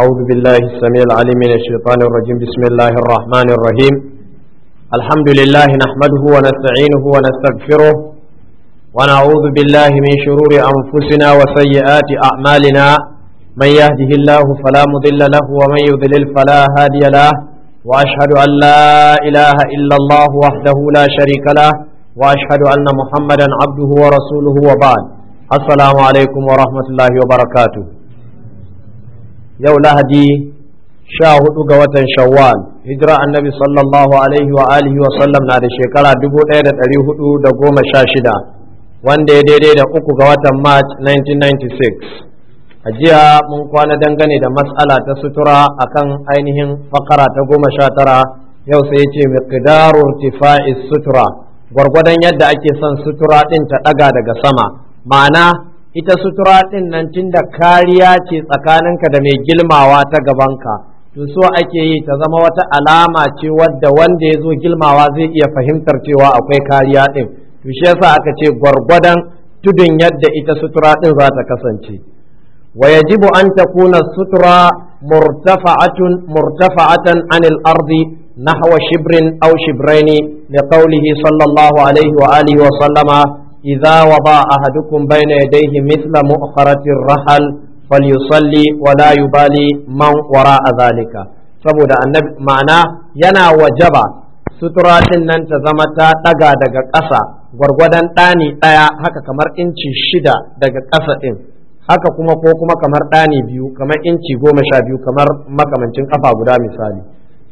أعوذ بالله السميع العليم من الشيطان الرجيم بسم الله الرحمن الرحيم الحمد لله نحمده ونستعينه ونستغفره ونعوذ بالله من شرور أنفسنا وسيئات أعمالنا من يهده الله فلا مضل له ومن يضلل فلا هادي له وأشهد أن لا إله إلا الله وحده لا شريك له وأشهد أن محمدا عبده ورسوله وبعد السلام عليكم ورحمة الله وبركاته yau lahadi sha hudu ga watan shawwal hijira annabi sallallahu alaihi wa alihi wa sallam na da shekara dubu ɗaya da ɗari hudu da goma sha shida wanda ya daidai da uku ga watan march 1996 a jiya mun kwana dangane da matsala ta sutura akan ainihin fakara ta goma sha tara yau sai ce miqdarur tifa'is sutura gwargwadon yadda ake son sutura ɗin ta ɗaga daga sama ma'ana ita sutura ɗin nan tunda kariya ce tsakaninka da mai gilmawa ta gabanka to so ake yi ta zama wata alama ce wadda wanda ya zo gilmawa zai iya fahimtar cewa akwai kariya ɗin to shi yasa aka ce gwargwadon tudun yadda ita sutura ɗin za ta kasance Wayajibu yajibu an takuna sutura murtafa'atun murtafa'atan anil ardi hawa shibrin aw shibraini li qawlihi sallallahu alaihi wa alihi wa sallama إذا وضع أحدكم بين يديه مثل مؤخرة الرحل فليصلي ولا يبالي من وراء ذلك saboda annabi ma'ana yana wajaba sutura din nan ta zama ta ɗaga daga ƙasa gwargwadon ɗani ɗaya haka kamar inci shida daga ƙasa ɗin haka kuma ko kuma kamar ɗani biyu kamar inci goma sha biyu kamar makamancin ƙafa guda misali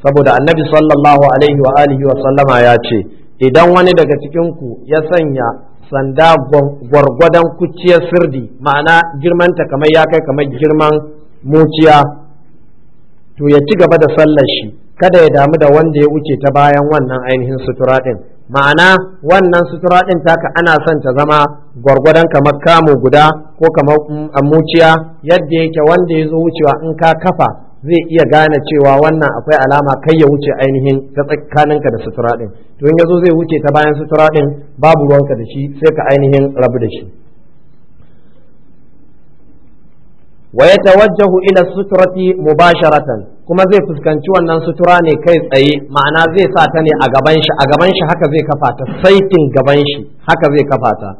saboda annabi sallallahu alaihi wa alihi wa sallama ya ce idan wani daga cikin ku ya sanya sanda gwargwadon kuciyar sirdi ma'ana girmanta kamar ya kai kamar girman muciya to ya ci gaba da sallar shi kada ya damu da wanda ya wuce ta bayan wannan ainihin sutura ɗin ma'ana wannan sutura ɗin taka ana son ta zama gwargwadon kamar kamu guda ko kamar mm, muciya yadda yake wanda ya zo wucewa in ka kafa zai iya gane cewa wannan akwai alama kai ya wuce ainihin ta tsakaninka da sutura ɗin to in yazo zai wuce ta bayan sutura ɗin babu ruwanka da shi sai ka ainihin rabu da shi wa yatawajjahu ila suturati mubasharatan kuma zai fuskanci wannan sutura ne kai tsaye ma'ana zai sa ta ne a gaban shi a gaban shi haka zai kafa ta saitin gaban shi haka zai kafa ta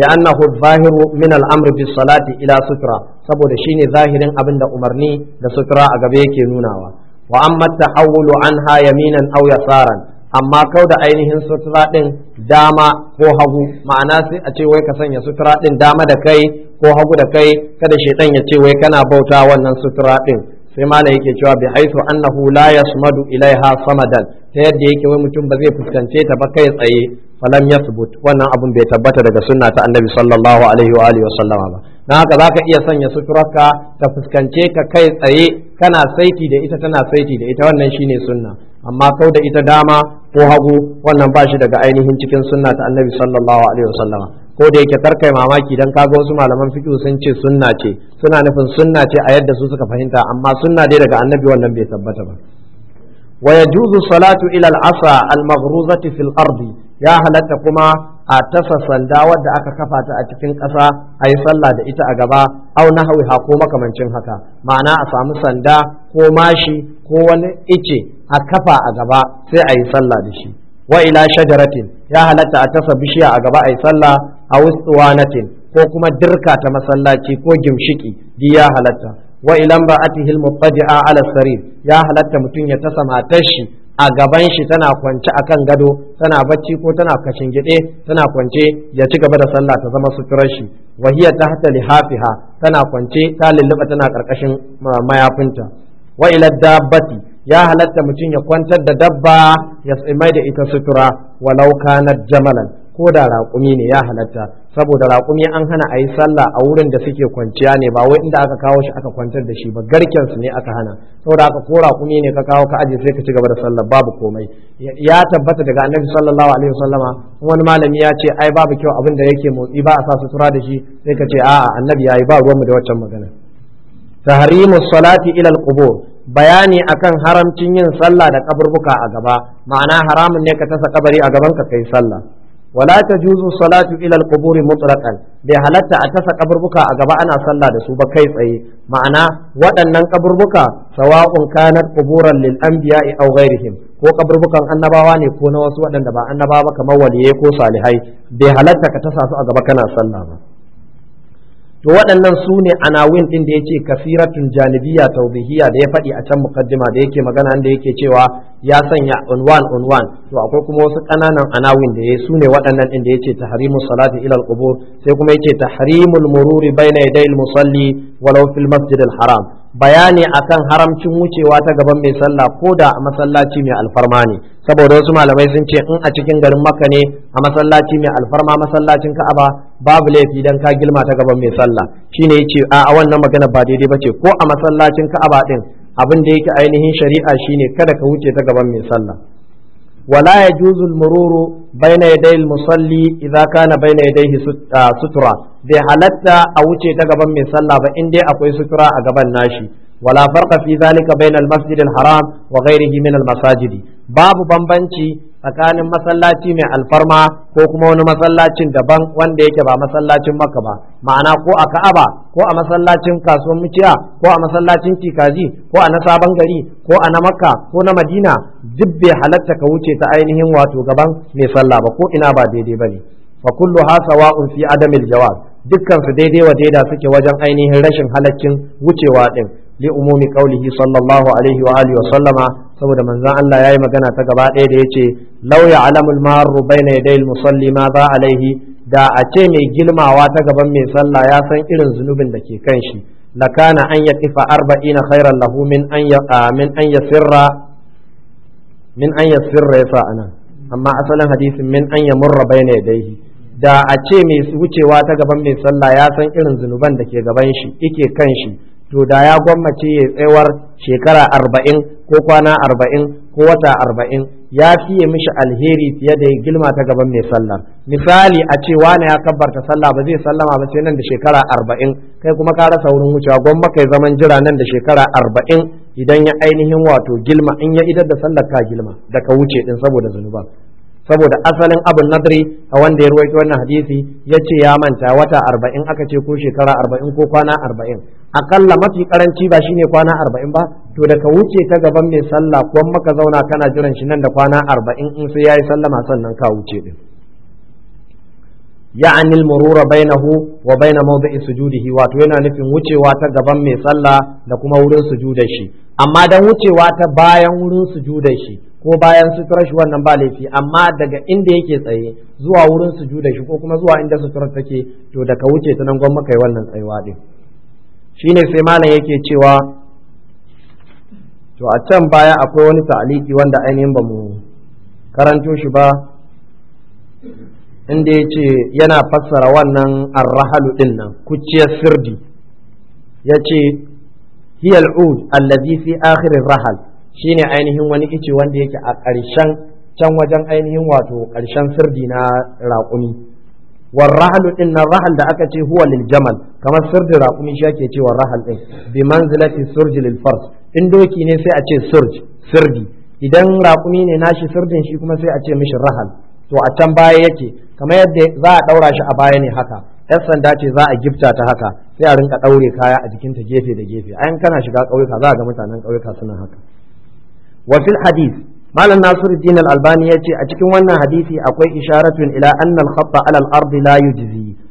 li'annahu zahiru min al'amri bis salati ila sutra saboda shine zahirin abin da umarni da sutra a gaba yake nunawa wa amma tahawulu anha yaminan aw yasaran amma kau da ainihin sutura ɗin dama ko hagu ma'ana sai a ce wai ka sanya sutura ɗin dama da kai ko hagu da kai kada shaitan ya ce wai kana bauta wannan sutura ɗin. sai malam yake cewa bi haisu annahu la yasmadu ilaiha samadan ta yadda yake wai mutum ba zai fuskance ta ba kai tsaye falam yasbut wannan abun bai tabbata daga sunna ta annabi sallallahu alaihi wa alihi wa sallama ba na haka zaka iya sanya suturarka ta fuskance ka kai tsaye kana saiti da ita tana saiti da ita wannan shine sunna amma kau da ita dama ko hagu wannan ba shi daga ainihin cikin sunna ta annabi sallallahu alaihi wa sallama ko da yake karkai mamaki dan kaga wasu malaman fiqh sun ce sunna ce suna nufin sunna ce a yadda su suka fahimta amma sunna dai daga annabi wannan bai tabbata ba wa yajuzu salatu ila al-asa al-maghruzati fil ardi ya halatta kuma a tasa sanda wadda aka kafa ta a cikin ƙasa a yi sallah da ita a gaba au na hawi ko makamancin haka ma'ana a samu sanda ko mashi ko wani ice a kafa a gaba sai a yi sallah da shi wa ila shajaratin ya halatta a tasa bishiya a gaba a yi sallah a tin, ko kuma dirka ta masallaci ko gimshiki di ya halatta wa ilan ba al-muttaji'a ala sarir ya halatta mutum ya tasa matar shi a gaban shi tana kwance kan gado tana bacci ko tana kashin gide tana kwance ya ci gaba da sallah ta zama suturar shi wa ta hata lihafiha tana kwance ta lulluba tana ƙarƙashin mayafinta wa ila dabbati ya halatta mutum ya kwantar da dabba ya tsimai da ita sutura walau kana jamalan ko da raƙumi ne ya halatta saboda raƙumi an hana a yi sallah a wurin da suke kwanciya ne ba wai inda aka kawo shi aka kwantar da shi ba garken su ne aka hana saboda aka ko raƙumi ne ka kawo ka aje sai ka ci gaba da sallah babu komai ya tabbata daga annabi sallallahu alaihi wasallama wani malami ya ce ai babu kyau abin da yake motsi ba a sa sutura da shi sai ka ce a'a annabi yayi ba ruwanmu da waccan magana tahrimus salati ila al-qubur bayani akan haramcin yin sallah da kaburbuka a gaba ma'ana haramun ne ka tasa kabari a gaban ka kai sallah wala tajuzu salatu ilal kuburi qubur bai halatta a tasa kaburbuka a gaba ana sallah da su ba kai tsaye ma'ana waɗannan kaburbuka sawa'un kanat quburan lil anbiya'i aw ghairihim ko kaburbukan annabawa ne ko na wasu waɗanda ba annabawa ba kamar waliyai ko salihai bai halatta ka tasa su a gaba kana sallah ba to waɗannan su ne anawin ɗin da ya ce kasiratun janibiya taubihiya da ya faɗi a can mukaddima da yake magana da yake cewa ya sanya unwan unwan to akwai kuma wasu ƙananan anawin da ya su ne waɗannan ɗin da ya ce tahrimu salati ilal qubur sai kuma ya ce tahrimul mururi na yadayil musalli walau fil masjidil haram bayani akan haramcin wucewa ta gaban mai sallah ko da a masallaci mai alfarma ne saboda wasu malamai sun ce in a cikin garin makka ne a masallaci mai alfarma masallacin ka'aba babu laifi dan ka gilma ta gaban mai sallah shine yace a wannan magana ba daidai bace ko a masallacin ka'aba din abin da yake ainihin shari'a shine kada ka wuce ta gaban mai sallah wala yajuzul mururu bayna yadayil musalli idza kana bayna yadayhi ah, sutura bai halatta a wuce ta gaban mai sallah ba in dai akwai sutura a gaban nashi wala farqa fi zalika bainal masjidil haram wa ghairihi min al masajidi babu bambanci tsakanin masallaci mai alfarma ko kuma wani masallacin daban wanda yake ba masallacin makka ba ma'ana ko a ka'aba ko a masallacin kasuwar muciya ko a masallacin kikaji ko a na sabon gari ko a na makka ko na madina duk bai halatta ka wuce ta ainihin wato gaban mai sallah ba ko ina ba daidai ba ne fa kullu ha sawa'un fi adamil jawab. dukkan su daidai wa daida suke wajen ainihin rashin halaccin wucewa din li umumi qaulihi sallallahu alaihi wa alihi wa sallama saboda manzon Allah yayi magana ta gaba ɗaya da yace law ya'lamu al-marru bayna yaday al-musalli ma za alaihi da a ce mai gilmawa ta gaban mai sallah ya san irin zunubin da ke kan shi lakana an yaqifa arba'ina khairan lahu min an min an yasirra min an yasirra yasa anan amma asalin hadisin min an yamurra bayna yadayhi da a ce mai wucewa ta gaban mai sallah ya san irin zunuban da ke gaban shi ike kan shi to da ya gwammace ya tsawar shekara arba'in ko kwana arba'in ko wata arba'in ya fiye mishi alheri fiye da ya gilma ta gaban mai sallah misali a ce wani ya kabbarta sallah ba zai sallama ba sai nan da shekara arba'in kai kuma ka rasa wurin wucewa gwamma kai zaman jira nan da shekara arba'in idan ya ainihin wato gilma in ya idar da sallar ka gilma da ka wuce din saboda zunuban saboda asalin abun nadri a wanda ya ruwaito wannan hadisi ya ce ya manta wata arba'in aka ce ko shekara arba'in ko kwana arba'in akalla mafi karanci ba shine kwana arba'in ba to da ka wuce ta gaban mai sallah ko maka zauna kana jiran shi nan da kwana arba'in in sai yayi sallama sannan ka wuce din ya'ani al-murura bainahu wa baina mawdi'i sujudihi wato yana nufin wucewa ta gaban mai sallah da kuma wurin sujudar shi amma dan wucewa ta bayan wurin sujudar shi ko bayan suturar shi wannan ba laifi amma daga inda yake tsaye zuwa wurin su juda shi ko kuma zuwa inda suturar take to daga wuce ta nan gwamma kai wannan tsayuwa din ne sai malam yake cewa to a can baya akwai wani ta'aliki wanda ainihin ba mu karanto shi ba inda ya ce yana fassara wannan arrahalu din nan kuciyar sirdi ya ce hiyal ud allazi fi akhirin rahal Shi ne ainihin wani ice wanda yake a ƙarshen can wajen ainihin wato ƙarshen sirdi na raƙumi warrahal din nan rahal da aka ce huwa lil jamal kamar sirdi raƙumi shi ake cewa rahal din bi manzilati surji lil fars in doki ne sai a ce surj sirdi idan raƙumi ne nashi sirdin shi kuma sai a ce mishi rahal to a can baya yake kamar yadda za a ɗaura shi a baya ne haka yan sanda ce za a gifta ta haka sai a rinka daure kaya a jikinta gefe da gefe ayan kana shiga ƙauyuka za a ga mutanen ƙauyuka suna haka wa fil malam Nasiru al-albani ce a cikin wannan hadisi akwai isharatun ila anna al-khatta ala al-ard la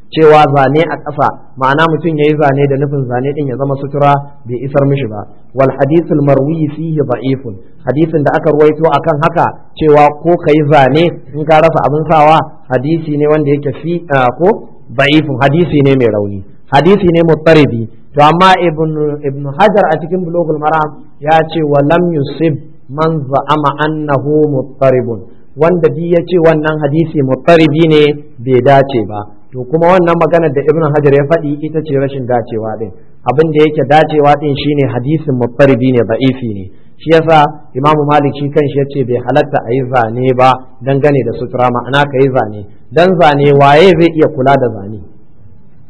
cewa zane a ƙasa ma'ana mutum yayi zane da nufin zane ɗin ya zama sutura bai isar mishi ba wal hadith al-marwi fihi da'ifun hadisin da aka ruwaito akan haka cewa ko kai zane in ka rasa abin sawa hadisi ne wanda yake fi ko da'ifun hadisi ne mai rauni hadisi ne mutaridi to amma ibn ibn hajar a cikin bulugul maram ya ce wa lam yusib man za'ama annahu muttaribun wanda bi ya wannan hadisi muttaribi ne bai dace ba to kuma wannan maganar da ibn hajar ya faɗi ita ce rashin dacewa din abin da yake dacewa din shine hadisin muttaribi ne da'ifi ne shi yasa imamu malik shi kanshi yace bai halatta a yi zane ba dangane da sutura ma'ana ka zane dan zane waye zai iya kula da zane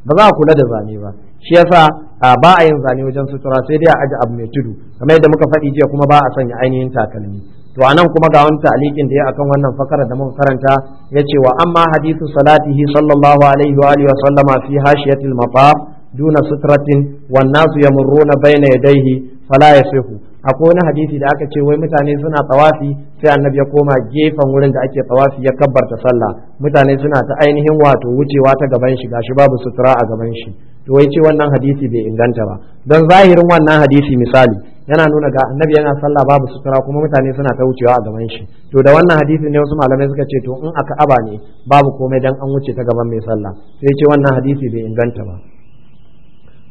ba za a kula da zane ba shi yasa ba a yin zane wajen sutura sai dai a aji abu mai tudu kamar yadda muka faɗi jiya kuma ba a sanya ainihin takalmi to anan kuma ga wani ta'alikin da ya akan wannan fakara da muka karanta ya ce wa amma hadithu salatihi sallallahu alaihi wa alihi wa sallama fi hashiyatil mafaf duna sutratin wan nasu yamurruna baina yadayhi fala yasihu akwai wani hadisi da aka ce wai mutane suna tsawafi? sai annabi ya koma gefen wurin da ake tsawafi ya kabbarta sallah mutane suna ta ainihin wato wucewa ta gaban shi gashi babu sutura a gaban shi to wai ce wannan hadisi bai inganta ba don zahirin wannan hadisi misali yana nuna ga annabi yana sallah babu sutura kuma mutane suna ta wucewa a gaban shi to da wannan hadisin ne wasu malamai suka ce to in aka aba ne babu komai dan an wuce ta gaban mai sallah sai ce wannan hadisi bai inganta ba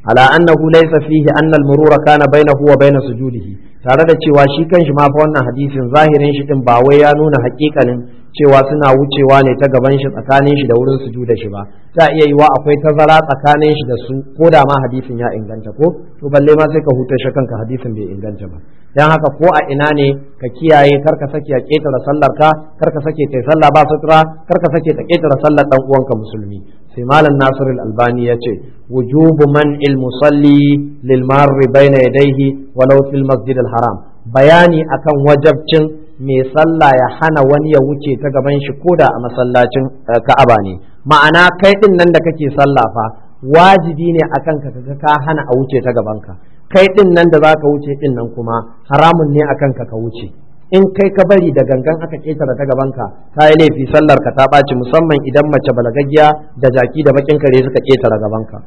ala annahu laysa fihi anna al-murura kana bainahu wa bain sujudihi tare da cewa shi kanshi ma fa wannan hadisin zahirin shi din ba wai ya nuna haƙiƙanin cewa suna wucewa ne ta gaban shi tsakanin shi da wurin su da shi ba za iya yi wa akwai tazara tsakanin shi da su ko da ma hadisin ya inganta ko to balle ma sai ka hutar shi kanka hadisin bai inganta ba dan haka ko a ina ne ka kiyaye kar ka sake a ketara sallar ka kar ka sake kai sallah ba sutura kar ka sake ta ketara sallar dan uwanka musulmi sai malam nasir al-albani ya ce wujubu man il-musalli lil marri bayna yadayhi walau fil masjid al-haram bayani akan wajabcin mai sallah ya hana wani ya wuce ta gaban shi ko da a masallacin eh, ka'aba ne ma'ana kai din nan da kake sallah fa wajibi ne akan ka ka hana a wuce ta gabanka. kai din nan da zaka wuce din nan kuma haramun ne akan ka ka wuce in kai ka bari da gangan aka ketara ta gabanka ka yi laifi sallar ka ta ɓaci musamman idan mace balagaggiya da jaki da bakin kare suka ketara gabanka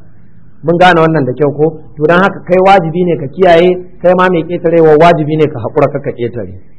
mun gane wannan da kyau ko to dan haka kai wajibi ne ka kiyaye kai ma mai ketarewa wajibi ne ka hakura ka ka ketare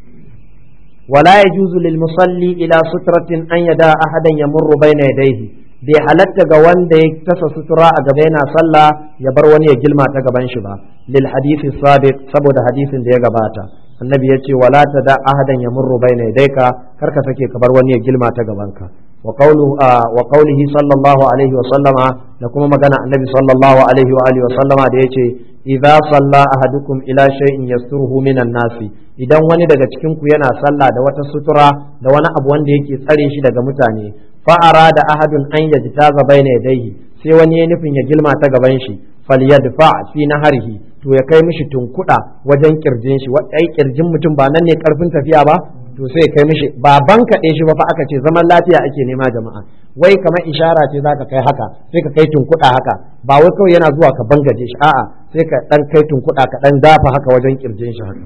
wala yajuzu lil musalli ila sutratin an yada ahadan yamurru baina yadayhi bai halatta ga wanda ya tasa sutura a gaba yana sallah ya bar wani ya gilma ta gaban shi ba lil hadisi sabiq saboda hadisin da ya gabata annabi ya ce wala ta da ahadan ya murru baina yadayka kar ka sake ka bar wani ya gilma ta gabanka wa qawluhu wa qawlihi sallallahu alaihi wa sallama da kuma magana annabi sallallahu alaihi wa alihi wa sallama da yace idza salla ahadukum ila shay'in yasturuhu minan nasi idan wani daga cikin ku yana sallah da wata sutura da wani abu wanda yake tsare shi daga mutane fa arada ahadun an yajtaza baina yadayhi sai wani ya nufin ya gilma ta gaban shi falyadfa fi naharihi to ya kai mishi tunkuda wajen kirjin shi ai kirjin mutum ba nan ne karfin tafiya ba to sai kai mishi ba ban kaɗe shi ba fa aka ce zaman lafiya ake nema jama'a wai kamar ishara ce za ka kai haka sai ka kai tunkuɗa haka ba wai kawai yana zuwa ka bangaje shi a'a sai ka ɗan kai tunkuɗa ka ɗan dafa haka wajen ƙirjin shi haka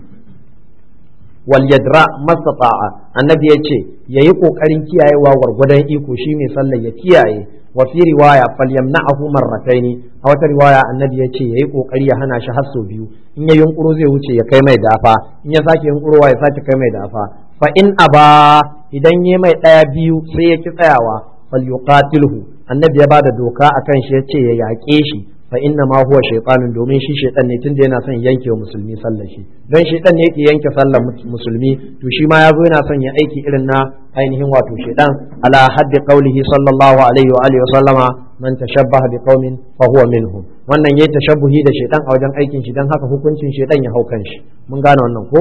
wal yadra mastata'a annabi yace yayi kokarin kiyayewa gwargwadon iko shi mai sallar ya kiyaye wa fi riwaya yamna'ahu marrataini a wata riwaya annabi ya ce yayi kokari ya hana shi har sau biyu in ya yunkuro zai wuce ya kai mai dafa in ya sake yunkurowa ya sake kai mai dafa fa in aba idan ya mai daya biyu sai ya ki tsayawa falyuqatilhu annabi ya bada doka akan shi yace ya yaƙe shi fa inna ma huwa shaytanun domin shi shaytan ne tunda yana son yanke wa musulmi sallar shi dan shaytan ne yake yanke sallar musulmi to shi ma yazo yana son ya aiki irin na ainihin wato shaytan ala haddi qaulihi sallallahu alaihi wa alihi wa sallama man tashabbaha bi qaumin fa huwa minhum wannan yayi tashabbuhi da shaytan a wajen aikin shi dan haka hukuncin shaytan ya hau kan shi mun gane wannan ko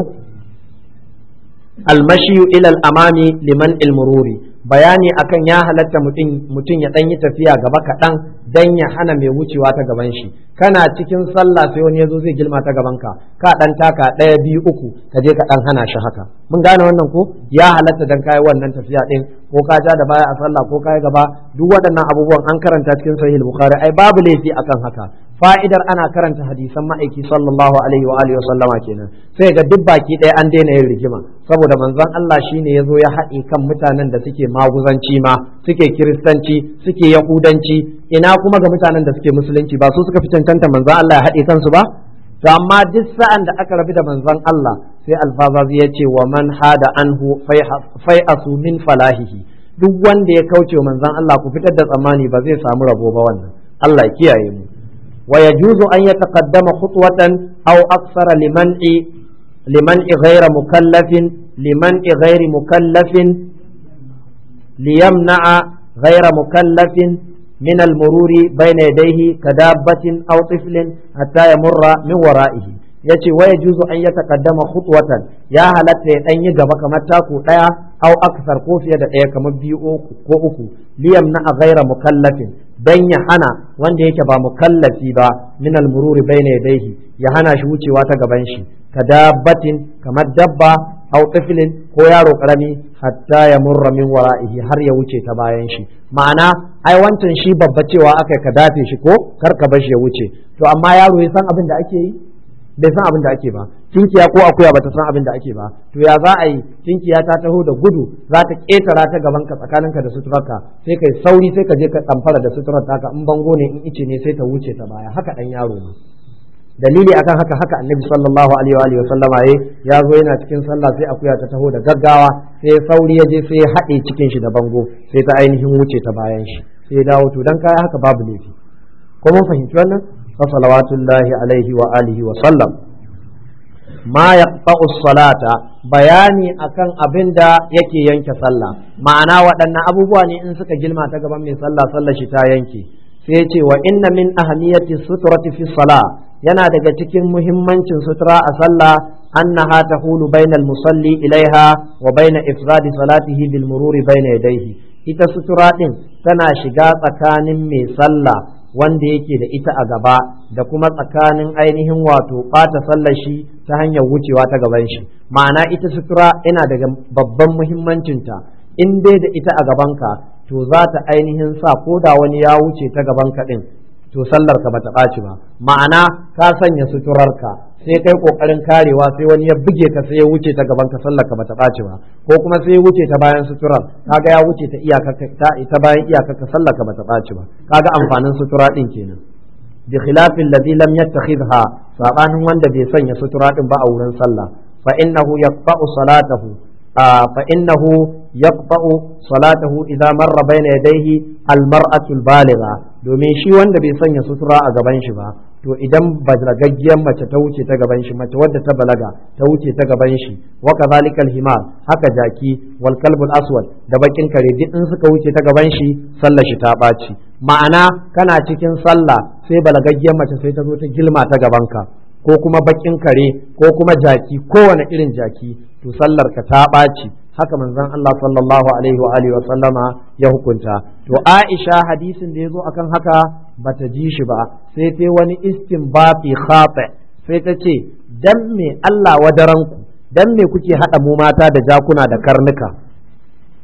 almashiyu ilal amami liman ilmururi bayani akan ya halatta mutum ya ɗan yi tafiya gaba kaɗan dan ya hana mai wucewa ta gaban shi kana cikin sallah sai wani yazo zai gilma ta gaban ka ka ɗan taka ɗaya biyu uku ka je ka ɗan hana shi haka mun gane wannan ko ya halatta dan kai wannan tafiya ɗin ko ka ja da baya a sallah ko kai gaba duk waɗannan abubuwan an karanta cikin sahih bukhari ai babu laifi akan haka fa'idar ana karanta hadisan ma'aiki sallallahu alaihi wa alihi sallama kenan sai ga duk baki ɗaya an daina yin rigima saboda manzon Allah shine ya zo ya haɗe kan mutanen da suke maguzanci ma suke kiristanci suke yahudanci ina kuma ga mutanen da suke musulunci ba su suka fi cancanta manzon Allah ya haɗe kansu ba to amma duk sa'an da aka rabu da manzon Allah sai alfazazi ya ce wa man hada anhu asu min falahihi duk wanda ya kauce manzon Allah ku fitar da tsammani ba zai samu rabo ba wannan Allah ya kiyaye mu ويجوز أن يتقدم خطوة أو أكثر لمنع لمنع غير مكلف لمنع غير مكلف ليمنع غير مكلف من المرور بين يديه كدابة أو طفل حتى يمر من ورائه yace waya juzu an ya takaddama khutwatan ya halatta ya ɗanyi gaba kamar taku ɗaya au akthar ko fiye da ɗaya kamar biyu ko uku liyam na ghaira mukallafin dan ya hana wanda yake ba mukallafi ba min almururi bayna yadayhi ya hana shi wucewa ta gaban shi kadabatin kamar dabba au tiflin ko yaro karami hatta ya murra min wara'ihi har ya wuce ta bayan shi ma'ana ai wancan shi babba cewa akai ka dafe shi ko kar ka ya wuce to amma yaro ya san abin da ake yi bai san abin da ake ba tinkiya ko akuya bata san abin da ake ba to ya za a yi tinkiya ta taho da gudu za ta ketara ta gaban ka tsakanin ka da suturarka sai kai sauri sai ka je ka tsamfara da suturar ka in bango ne in ice ne sai ta wuce ta baya haka dan yaro ne dalili akan haka haka annabi sallallahu alaihi wa sallama yayi ya zo yana cikin sallah sai akuya ta taho da gaggawa sai sauri ya je sai ya haɗe cikin shi da bango sai ta ainihin wuce ta bayan shi sai ya dawo to dan kaya haka babu laifi ko mun fahimci wannan sallallahu alaihi wa alihi wa sallam ma yaqta'u salata bayani akan abin da yake yanke sallah ma'ana waɗannan abubuwa ne in suka gilma ta gaban mai sallah sallah shi ta yanke sai ce wa inna min ahamiyati suturati fi sala yana daga cikin muhimmancin sutura a sallah annaha tahulu bainal musalli ilaiha wa baina ifradi salatihi bil mururi baina yadayhi ita sutura din tana shiga tsakanin mai sallah wanda yake da ita a gaba da kuma tsakanin ainihin wato ɓata sallashi ta hanyar wucewa ta gaban shi ma'ana ita sutura yana daga babban muhimmancinta in dai da ita a gabanka to za ta ainihin sa ko da wani ya wuce ta gabanka ɗin to sallar ka bata ɓaci ba ma'ana ka sanya suturarka sai kai ƙoƙarin karewa sai wani ya buge ka sai ya wuce ta gaban ka sallar ka bata ɓaci ba ko kuma sai ya wuce ta bayan suturar kaga ya wuce ta iyaka ta ita bayan iyakar ka sallar ka bata ɓaci ba kaga amfanin sutura ɗin kenan bi khilafin ladhi lam yattakhidha sabanin wanda bai sanya sutura ɗin ba a wurin sallah fa innahu yaqta'u salatahu fa innahu yaqta'u salatahu idza marra bayna yadayhi al-mar'atu domin shi wanda bai sanya sutura a gaban shi ba to idan balagaggiyar mace ta wuce ta gaban shi mace wadda ta balaga ta wuce ta gaban shi wa himar haka jaki wal kalbul aswad da bakin kare duk in suka wuce ta gaban shi sallar shi ta baci ma'ana kana cikin sallah sai balagaggiyar mace sai ta zo ta gilma ta gaban ka ko kuma bakin kare ko kuma jaki kowane irin jaki to sallar ka ta ɓaci haka manzon Allah sallallahu alaihi wa alihi wa sallama ya hukunta to Aisha hadisin da yazo akan haka bata ji shi ba sai ta wani istinbati khata sai ta ce dan me Allah wadaranku dan me kuke hada mu mata da jakuna da karnuka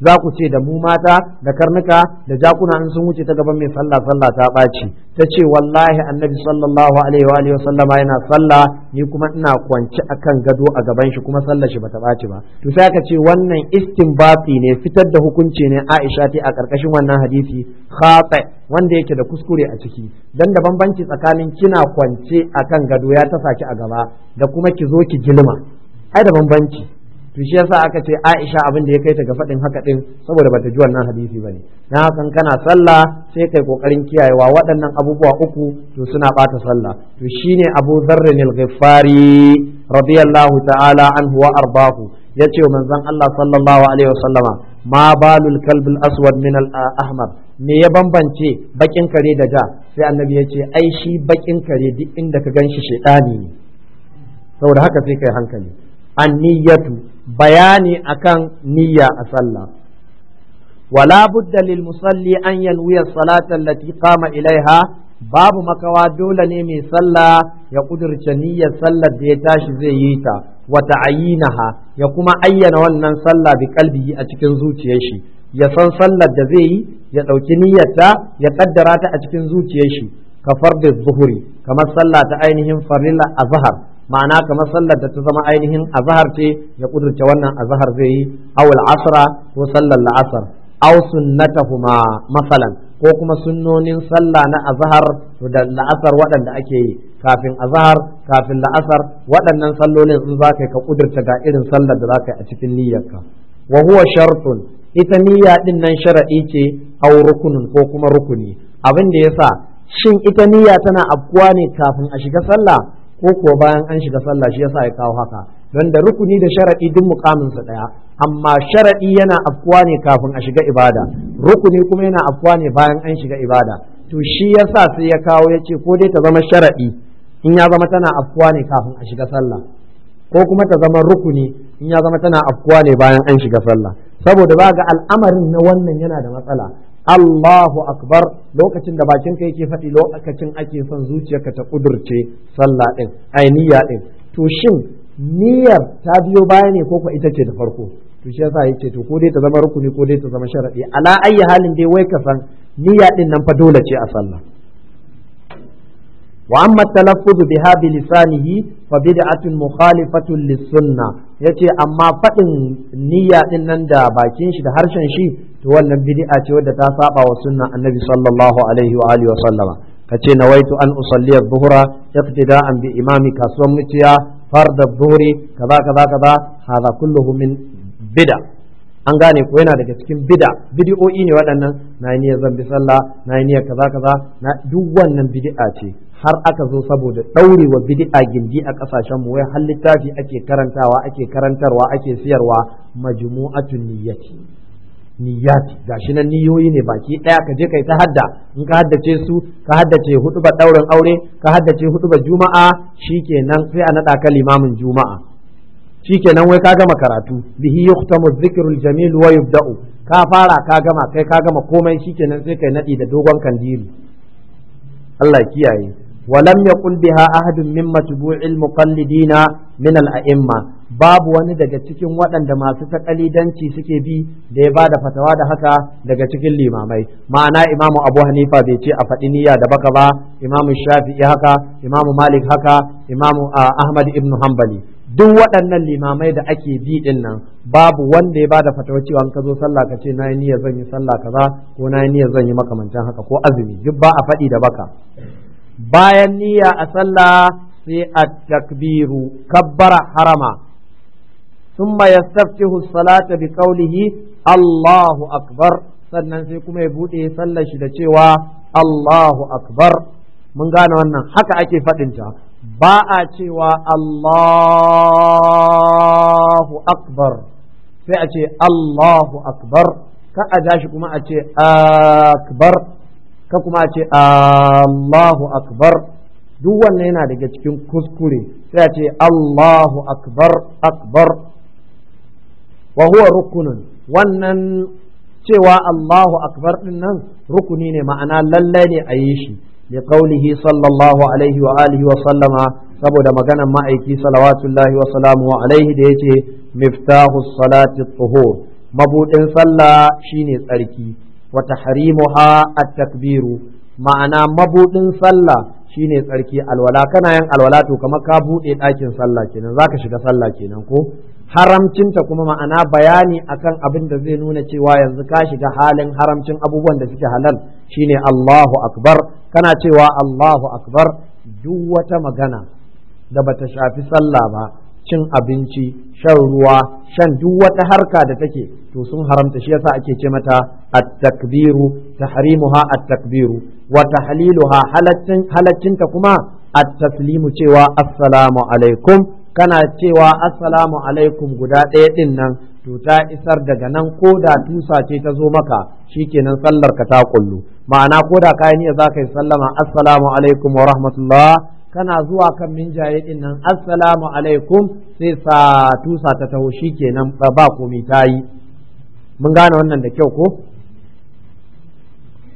za ku ce da mu mata da karnuka da jakuna in sun wuce ta gaban mai sallah sallah ta ɓaci ta ce wallahi annabi sallallahu alaihi wa sallama yana sallah ni kuma ina kwance kan gado a gaban shi kuma sallah shi bata ɓaci ba to sai aka ce wannan istinbati ne fitar da hukunci ne Aisha ta a karkashin wannan hadisi khata wanda yake da kuskure a ciki dan da bambanci tsakanin kina kwance akan gado ya tasa ki a gaba da kuma ki zo ki gilma ai da bambanci to shi yasa aka ce Aisha abin da ya kai ta ga faɗin haka din saboda bata ji wannan hadisi bane na san kana sallah sai kai kokarin kiyayewa waɗannan abubuwa uku to suna bata sallah to shine Abu Dharr al-Ghifari radiyallahu ta'ala anhu wa arbahu yace manzon Allah sallallahu alaihi wasallama ma balul kalbil aswad min al-ahmar me ya bambance bakin kare da ja sai annabi ya ce ai shi bakin kare duk inda ka ganshi shedani ne saboda haka sai kai hankali niyyatu bayani akan niyya a sallah wala budda lil musalli an yanwiya salata ilaiha babu makawa dole ne mai sallah ya kudurce niyyar sallar da ya tashi zai yi ta wata ta'ayyinaha ya kuma ayyana wannan sallah bi kalbihi a cikin zuciyar ya san sallar da zai yi ya ɗauki niyyarta ya kaddara ta a cikin zuciyar shi ka fardu buhuri, kamar sallah ta ainihin farilla azhar ma'ana kamar sallar da ta zama ainihin azhar ce ya kudurce wannan azhar zai yi awul asra ko sallar la'asar aw sunnatahuma masalan ko kuma sunnonin sallah na azhar da la'asar waɗanda ake yi kafin azhar kafin la'asar waɗannan sallolin in zaka ka kudurta ga irin sallar da zaka yi a cikin niyyarka wa huwa shartun ita niyya din nan shar'i ce aw rukunin ko kuma rukuni abin da yasa shin ita niyya tana afkuwa ne kafin a shiga sallah ko kuwa bayan an shiga sallah shi yasa ya kawo haka don da rukuni da sharaɗi duk mukamin su ɗaya amma sharaɗi yana afkuwa ne kafin a shiga ibada rukuni kuma yana afkuwa ne bayan an shiga ibada to shi yasa sai ya kawo ya ce ko dai ta zama sharaɗi in ya zama tana afkuwa ne kafin a shiga sallah ko kuma ta zama rukuni in ya zama tana afkuwa ne bayan an shiga sallah saboda ba ga al'amarin na wannan yana da matsala Allahu akbar lokacin da bakin ka yake faɗi lokacin ake son zuciyarka ta kudurce sallah din ainiya din to shin niyyar ta biyo baya ne ko ko ita ce da farko to shi yasa yace to ko dai ta zama rukuni ko dai ta zama sharadi ala ayi halin dai wai ka san niyya din nan fa dole ce a sallah wa amma talaffuz biha bi lisanihi fa bid'atun mukhalifatun lis sunnah ya ce amma faɗin niyya ɗin nan da bakin shi da harshen shi to wannan bid'a ce wadda ta saba wa sunnan annabi sallallahu alaihi wa alihi wa sallama kace nawaitu an usalli adh-dhuhra iqtida'an bi imami kasuwan mutiya farda adh-dhuhri kaza kaza kaza hadha kulluhu min bid'a an gane ko yana daga cikin bida bid'o'i ne waɗannan na niyyar zan bi sallah na niyyar kaza kaza na duk wannan bid'a ce har aka zo saboda ɗaurewa bid'a gindi a ƙasashen mu wai har littafi ake karantawa ake karantarwa ake siyarwa majmu'atun niyyati niyyati gashi nan niyoyi ne baki ɗaya ka je kai ta hadda in ka haddace su ka haddace hudu ba ɗaurin aure ka haddace hudu ba juma'a shikenan sai a naɗa ka limamin juma'a shikenan wai ka gama karatu bihi yuhtamu dhikrul Jamilu wa yubda'u ka fara ka gama kai ka gama komai shikenan sai kai nadi da dogon kandiri Allah kiyaye walam yaqul biha ahadun min ilmu muqallidina min al-a'imma babu wani daga cikin waɗanda masu danci suke bi da ya ba da fatawa da haka daga cikin limamai ma'ana imamu abu hanifa bai ce a faɗi niyya da baka ba imamu shafi'i haka imamu malik haka imamu ah, ahmad ibn hanbali duk waɗannan limamai da ake bi din nan babu wanda ya ba da fatawa cewa an ka zo sallah ka ce na yi niyyar zan yi sallah kaza ko na yi niyyar zan yi makamantan haka ko azumi duk ba a faɗi da baka bayan niyya a sallah sai a takbiru kabbara harama summa yastaftihu salata bi qawlihi Allahu akbar sannan sai kuma ya bude sallar shi da cewa Allahu akbar mun gane wannan haka ake faɗinta ba a cewa Allahu akbar sai a ce Allahu akbar ka a ja shi kuma a ce akbar ka kuma a ce Allahu akbar duk wannan yana daga cikin kuskure sai a ce Allahu akbar akbar wa huwa rukunin wannan cewa Allahu akbar din nan rukuni ne ma'ana lallai ne a yi shi Mai qawlihi sallallahu alaihi wa alihi wa sallama saboda maganar ma'aiki salawatullahi wa salamu alaihi da yace miftahu salati tuhur mabudin sallah shine tsarki wata tahrimuha at-takbiru ma'ana mabudin sallah shine tsarki alwala kana yin alwala to kamar ka buɗe ɗakin sallah kenan zaka shiga sallah kenan ko haramcinta kuma ma'ana bayani akan abin da zai nuna cewa yanzu ka shiga halin haramcin abubuwan da suke halal shine Allahu akbar kana cewa Allahu akbar duk wata magana da bata shafi sallah ba cin abinci shan ruwa shan duk wata harka da take to sun haramta shi yasa ake ce mata at-takbiru tahrimuha at-takbiru wa tahliluha halaccin halaccinta kuma at-taslimu cewa assalamu alaikum kana cewa assalamu alaikum guda ɗaya din nan to ta isar daga nan ko da tusa ce ta zo maka shikenan sallar ka ta kullu ma'ana ko da kayan iya za ka yi sallama assalamu alaikum wa rahmatullah kana zuwa kan minjaye din nan assalamu alaikum sai sa tusa ta taho kenan ba komai tayi mun gane wannan da kyau ko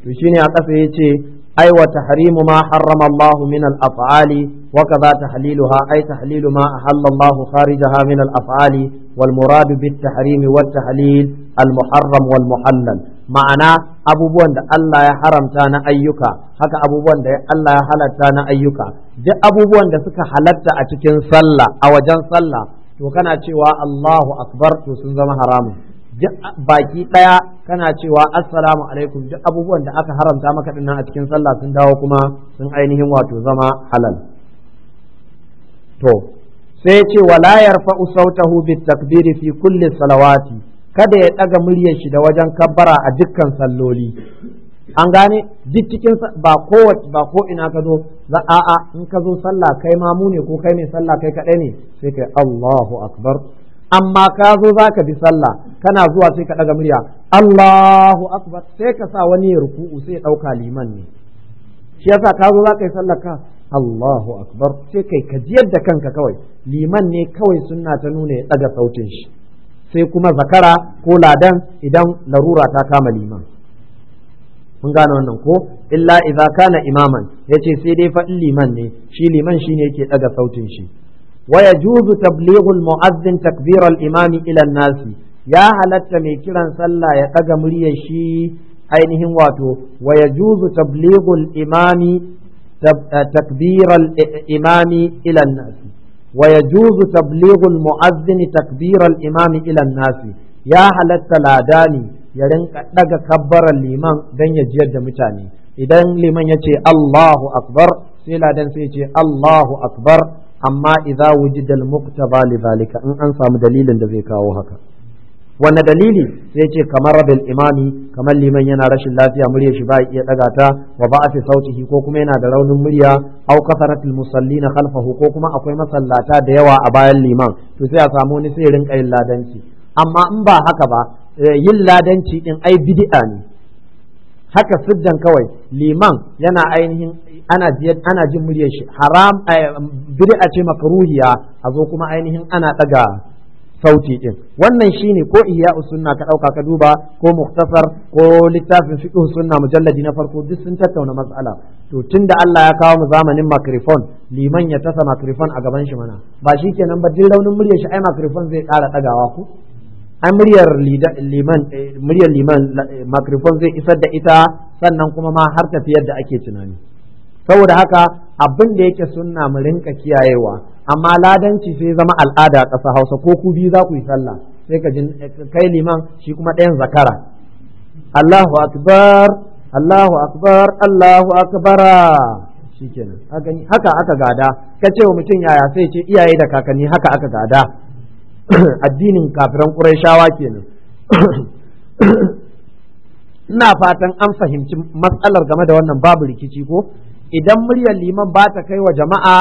to ne a ƙasa yace ai wa tahrimu ma harrama Allah min al af'ali wa kaza tahliluha ai tahlilu ma ahalla Allah kharijaha min al af'ali wal murad bit tahrimi wat tahlil al muharram wal muhallal ma'ana abubuwan da Allah ya haramta na ayyuka haka abubuwan da Allah ya halatta na ayyuka duk abubuwan da suka halatta a cikin sallah a wajen sallah to kana cewa Allahu akbar to sun zama haramun baki daya kana cewa assalamu alaikum duk abubuwan da aka haramta maka dinnan a cikin sallah sun dawo kuma sun ainihin wato zama halal to sai ce wala yarfa'u sautahu takbiri fi kulli salawati kada ya ɗaga muryar shi da wajen kabbara a dukkan salloli an gane duk cikin ba ko ba ko ina ka zo za a a in ka zo sallah kai mamu ne ko kai ne sallah kai kaɗai ne sai kai Allahu akbar amma ka zo za ka bi sallah kana zuwa sai ka ɗaga murya Allahu akbar sai ka sa wani ya ruku'u sai ya ɗauka liman ne shi yasa ka zo za ka yi sallah ka Allahu akbar sai kai ka ji yadda kanka kawai liman ne kawai sunna ta nuna ya ɗaga sautin shi sai kuma zakara ko ladan idan larura ta kama liman mun gane wannan ko illa idza kana imaman yace sai dai fa liman ne shi liman shine yake daga sautin shi wa yajuzu tablighu al-mu'azzin al-imami ila an-nasi ya halatta mai kiran sallah ya daga muryar shi ainihin wato wa yajuzu tablighu eh, al-imami takbira al ila an-nasi wa yajuzu tablighul mu'azzini takbiral imami ilan nasi ya halatta ladani ya rinka daga kabbarar liman dan ya jiyar da mutane idan liman ya ce Allahu akbar sai ladan sai ce Allahu akbar amma idza wujida al-muqtaba li zalika in an samu dalilin da zai kawo haka wanne dalili sai ce kamar rabin imami kamar liman yana rashin lafiya muryar shi ba iya daga ta wa ba fi sautihi ko kuma yana da raunin murya au musalli na khalfahu ko kuma akwai masallata da yawa a bayan liman to sai a samu wani sai rinka yin ladanci amma in ba haka ba eh, yin ladanci din ai bid'a ne haka siddan kawai liman yana ainihin ana ana jin muryar shi haram eh, bid'a ce makruhiya a zo kuma ainihin ana daga sauti ɗin wannan shine ko iya usunna ka ɗauka ka duba ko muktasar ko littafin fiqh sunna mujalladi na farko duk sun tattauna matsala to tunda Allah ya kawo mu zamanin makrifon liman ya tasa makrifon a gaban shi mana ba shi kenan ba din raunin muryar shi ai makrifon zai ƙara dagawa ku ai muryar liman eh, muryar liman eh, makrifon zai isar da ita sannan kuma ma har tafiyar da ake tunani saboda haka abin da yake sunna mu rinka kiyayewa amma ladanci sai zama al'ada a ƙasa hausa ko ku biyu za ku yi sallah sai ka jin eh, kai liman shi kuma ɗayan zakara Allahu akbar Allahu akbar Allahu akbara shikenan haka aka gada ka ce wa mutum yaya sai ce iyaye da kakanni haka aka gada addinin kafiran shawa kenan ina fatan an fahimci matsalar game da wannan babu rikici ko idan muryar liman ba ta kai wa jama'a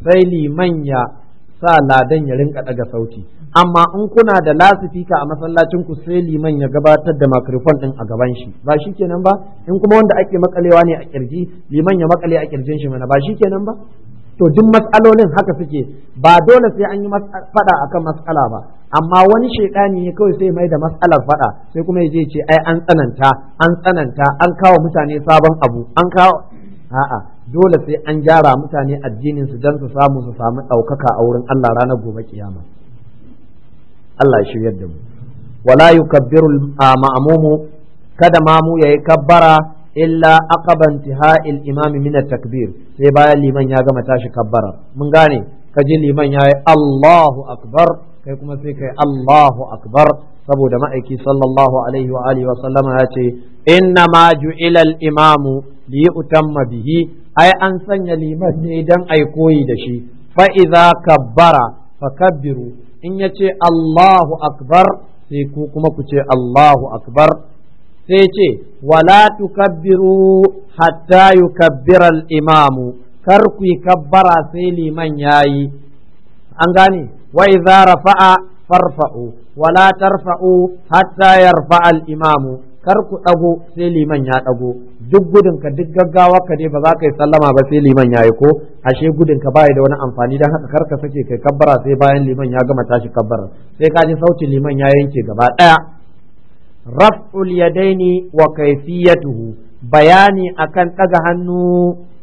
sai liman ya sa ladan ya rinka daga sauti amma in kuna da lasifika a masallacin ku sai liman ya gabatar da microphone din a gaban shi ba shikenan ba in kuma wanda ake makalewa ne a kirji liman ya makale a kirjin shi mana ba shikenan ba to duk matsalolin haka suke ba dole sai an yi fada akan matsala ba amma wani shekani ne kawai sai mai da matsalar fada sai kuma yaje ce ai an tsananta an tsananta an kawo mutane sabon abu an kawo a'a dole sai an gyara mutane addinin su don su samu su samu ɗaukaka a wurin Allah ranar gobe kiyama Allah ya shiryar da mu wala yukabbiru ma'mumu kada mamu yayi kabbara illa aqaba intiha'il imami min takbir sai bayan liman ya gama tashi kabbara mun gane ka ji liman yayi Allahu akbar kai kuma sai kai Allahu akbar saboda ma'aiki sallallahu alaihi wa alihi wa sallama ya ce inna ma ju'ila al-imamu li yutamma bihi ai an sanya liman ne dan ai koyi da shi fa idza kabbara kabbiru in yace Allahu akbar sai ku kuma ku ce Allahu akbar sai ce wala tukabbiru hatta yukabbira al-imam kar ku kabbara sai liman yayi an gane wa idza rafa'a farfa'u wala tarfa'u hatta yarfa'a al-imam kar ku ɗago sai liman ya ɗago duk gudunka duk gaggawa ka ne ba za ka yi sallama ba sai liman ya yi ko ashe gudunka ka da wani amfani dan haka kar ka sake kai kabbara sai bayan liman ya gama tashi kabbara sai ka ji sautin liman ya yanke gaba ɗaya raf'ul yadaini wa kayfiyatuhu bayani akan ɗaga hannu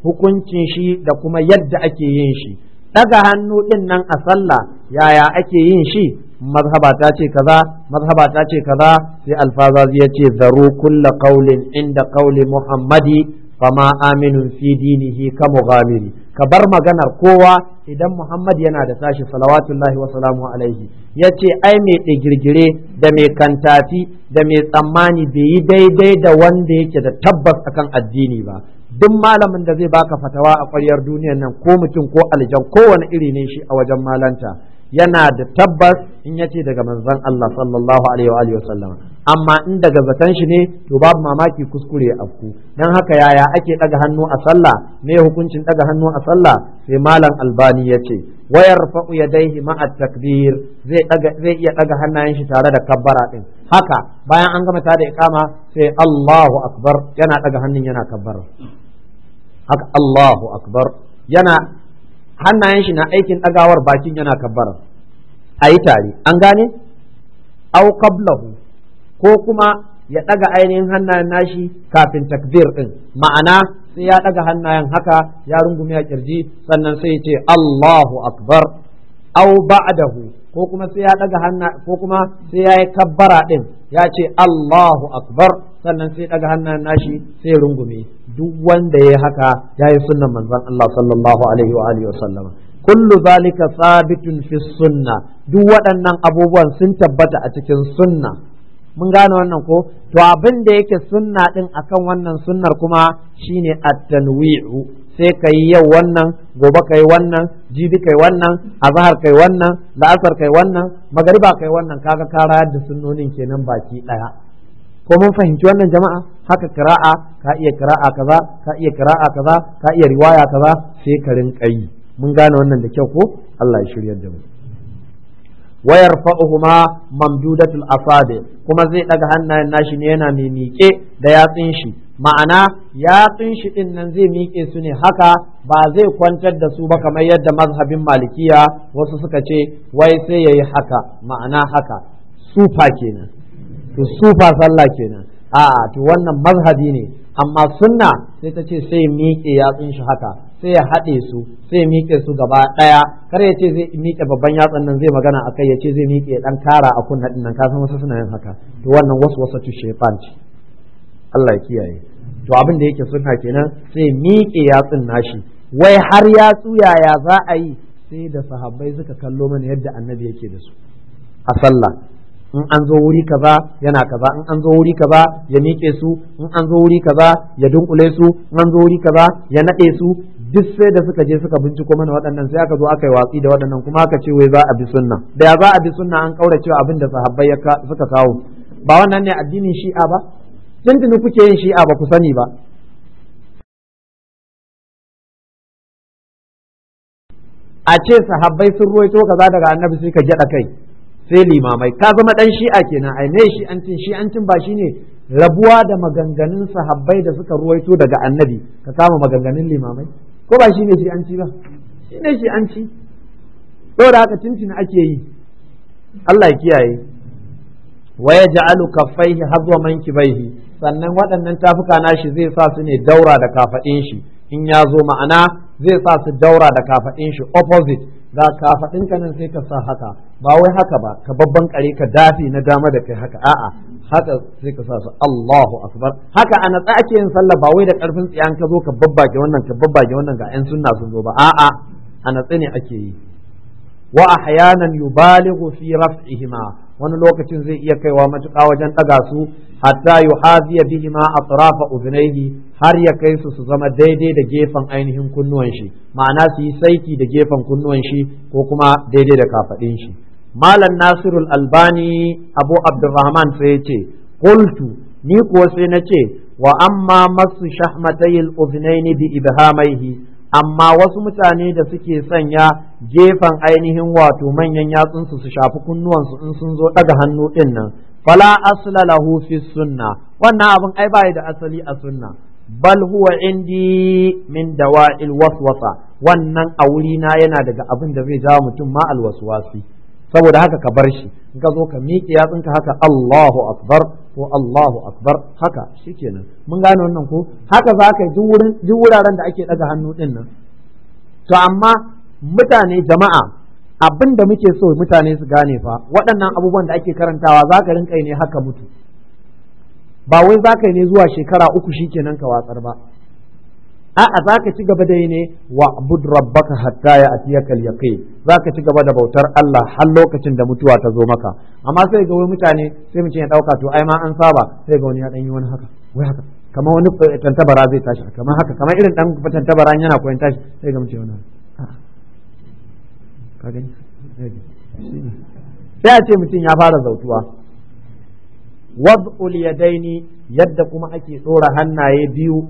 hukuncin shi da kuma yadda ake yin shi ɗaga hannu ɗin nan a sallah yaya ake yin shi mazhaba ta ce kaza mazhaba ta ce kaza sai alfazazi ya ce zaru kulla qaulin inda qauli muhammadi fama aminun fi dinihi ka mughamiri ka bar maganar kowa idan muhammad yana da tashi salawatullahi wa salamu alaihi yace ai mai digirgire da mai kantafi da mai tsammani bai yi daidai da wanda yake da tabbas akan addini ba duk malamin da zai baka fatawa a ƙwaryar duniyar nan ko mutum ko aljan kowane iri ne shi a wajen malanta yana da tabbas in yace daga manzon Allah sallallahu alaihi wa sallam, amma in daga zaton shi ne to babu mamaki kuskure afku dan haka yaya ake daga hannu a sallah me hukuncin daga hannu a sallah sai malam albani ya ce, wayar fa'u yadaihi ma'a takbir zai daga zai iya daga hannayen shi tare da kabbara din haka bayan an gama da ikama sai Allahu akbar yana daga hannun yana kabbara haka Allahu akbar yana hannayen shi na aikin ɗagawar bakin yana kabbara a yi tare an gane au qablahu ko kuma ya ɗaga ainihin hannayen nashi kafin takbir ɗin ma'ana sai ya ɗaga hannayen haka ya rungumi a kirji sannan sai ya ce Allahu akbar au ba'dahu ko kuma sai ya ɗaga hannayen ko kuma sai ya yi kabbara ɗin ya ce Allahu akbar sannan sai daga hannayen nashi sai rungume duk wanda ya haka ya yi sunnan manzon Allah sallallahu alaihi wa alihi wasallam kullu zalika sabitun fi sunna duk waɗannan abubuwan sun tabbata a cikin sunna mun gane wannan ko to abin da yake sunna din akan wannan sunnar kuma shine at-tanwi'u sai ka yi yau wannan gobe kai wannan jibi kai wannan azhar kai wannan la'asar kai wannan magariba kai wannan kaga ka rayar da sunnonin kenan baki ɗaya. ko mun fahimci wannan jama'a haka kira'a ka iya kira'a kaza ka iya kira'a kaza ka iya riwaya kaza sai ka rinka yi mun gane wannan da kyau ko Allah ya shiryar da mu wayar fa'uhuma mamdudatul afade kuma zai daga hannayen nashi ne yana mai miƙe da yatsunshi, shi ma'ana yatsunshi shi din nan zai miƙe su ne haka ba zai kwantar da su ba kamar yadda mazhabin malikiya wasu suka ce wai sai yayi haka ma'ana haka sufa kenan to sufa sallah kenan a'a to wannan mazhabi ne amma sunna sai ta ce sai miƙe yatsun shi haka sai ya haɗe su sai miƙe su gaba ɗaya kar ya ce zai miƙe babban yatsun nan zai magana akai ya ce zai miƙe ɗan kara a kunna ɗin nan ka san wasu suna yin haka to wannan wasu wasu tu shefan ce Allah ya kiyaye to abin da yake sunna kenan sai miƙe yatsun nashi wai har yatsu yaya za a yi sai da sahabbai suka kallo mana yadda annabi yake da su a sallah in an zo wuri kaza yana kaza in an zo wuri kaza ya miƙe su in an zo wuri kaza ya dunkule su in an zo wuri kaza ya naɗe su duk sai da suka je suka binciko mana waɗannan sai aka zo aka yi watsi da waɗannan kuma aka ce wai za a bi sunna da ya za a bi sunna an kaura cewa abin da sahabbai suka kawo ba wannan ne addinin shi'a ba tuntuni kuke yin shi'a ba ku sani ba a ce sahabbai sun ruwaito kaza daga annabi sai ka gyaɗa kai sai limamai ka zama dan shi'a kenan ai ne shi an cin ba shine rabuwa da maganganun sahabbai da suka ruwaito daga annabi ka kama maganganun limamai ko ba shine ci ba shine shi'anci saboda haka tuntuna ake yi Allah ya kiyaye wa yaj'alu kaffaihi hazwa mankibaihi sannan waɗannan tafuka shi zai sa su ne daura da kafadin shi in ya zo ma'ana zai sa su daura da kafadin shi opposite ga kafaɗinka nan sai ka sa haka ba wai haka ba ka babban kare ka dafi na dama da kai haka a'a haka sai ka sa su Allahu akbar haka a natsa ake yin sallah ba wai da karfin tsiyan ka zo ka babbage wannan ka babbage wannan ga ƴan sunna sun zo ba a'a a natsa ne ake yi wa ahyanan yubalighu fi raf'ihima wani lokacin zai iya kaiwa matuƙa wajen ɗaga su hatta ma bihima atrafa uznaihi har ya kai su su zama daidai da gefen ainihin kunnuwan shi ma'ana su yi saiti da gefen kunnuwan shi ko kuma daidai da kafadin shi malam nasirul albani abu abdurrahman sai ce qultu ni kuwa sai na ce wa amma masu shahmatayil uznaini bi ibhamaihi amma wasu mutane da suke sanya gefen ainihin wato manyan yatsunsu su shafi kunnuwansu in sun zo daga hannu din nan fala asla lahu fi sunna wannan abin ai bai da asali a sunna bal huwa indi min dawa'il waswasa wannan a wuri na yana daga abin da zai jawo mutum ma alwaswasi saboda haka ka bar shi in ka zo ka miƙe yatsunka haka Allahu akbar ko Allahu akbar haka shikenan mun gane wannan ko haka za ka duk duk wuraren da ake daga hannu din nan to amma mutane jama'a abin da muke so mutane su gane fa waɗannan abubuwan da ake karantawa za ka rinka ne haka mutu ba wai za ka ne zuwa shekara uku shikenan ka watsar ba a'a zaka ci gaba da yi ne wa'bud rabbaka hatta ya ya'tiyaka al-yaqin zaka ci gaba da bautar Allah har lokacin da mutuwa ta zo maka amma sai ga wai mutane sai mutum ya dauka to ai ma an saba sai ga wani ya dan yi wani haka wai haka kamar wani tantabara zai tashi kamar haka kamar irin dan tantabara yana koyon tashi sai ga mutum wani ka gani sai a ce mutum ya fara zautuwa wad'ul yadaini yadda kuma ake tsora hannaye biyu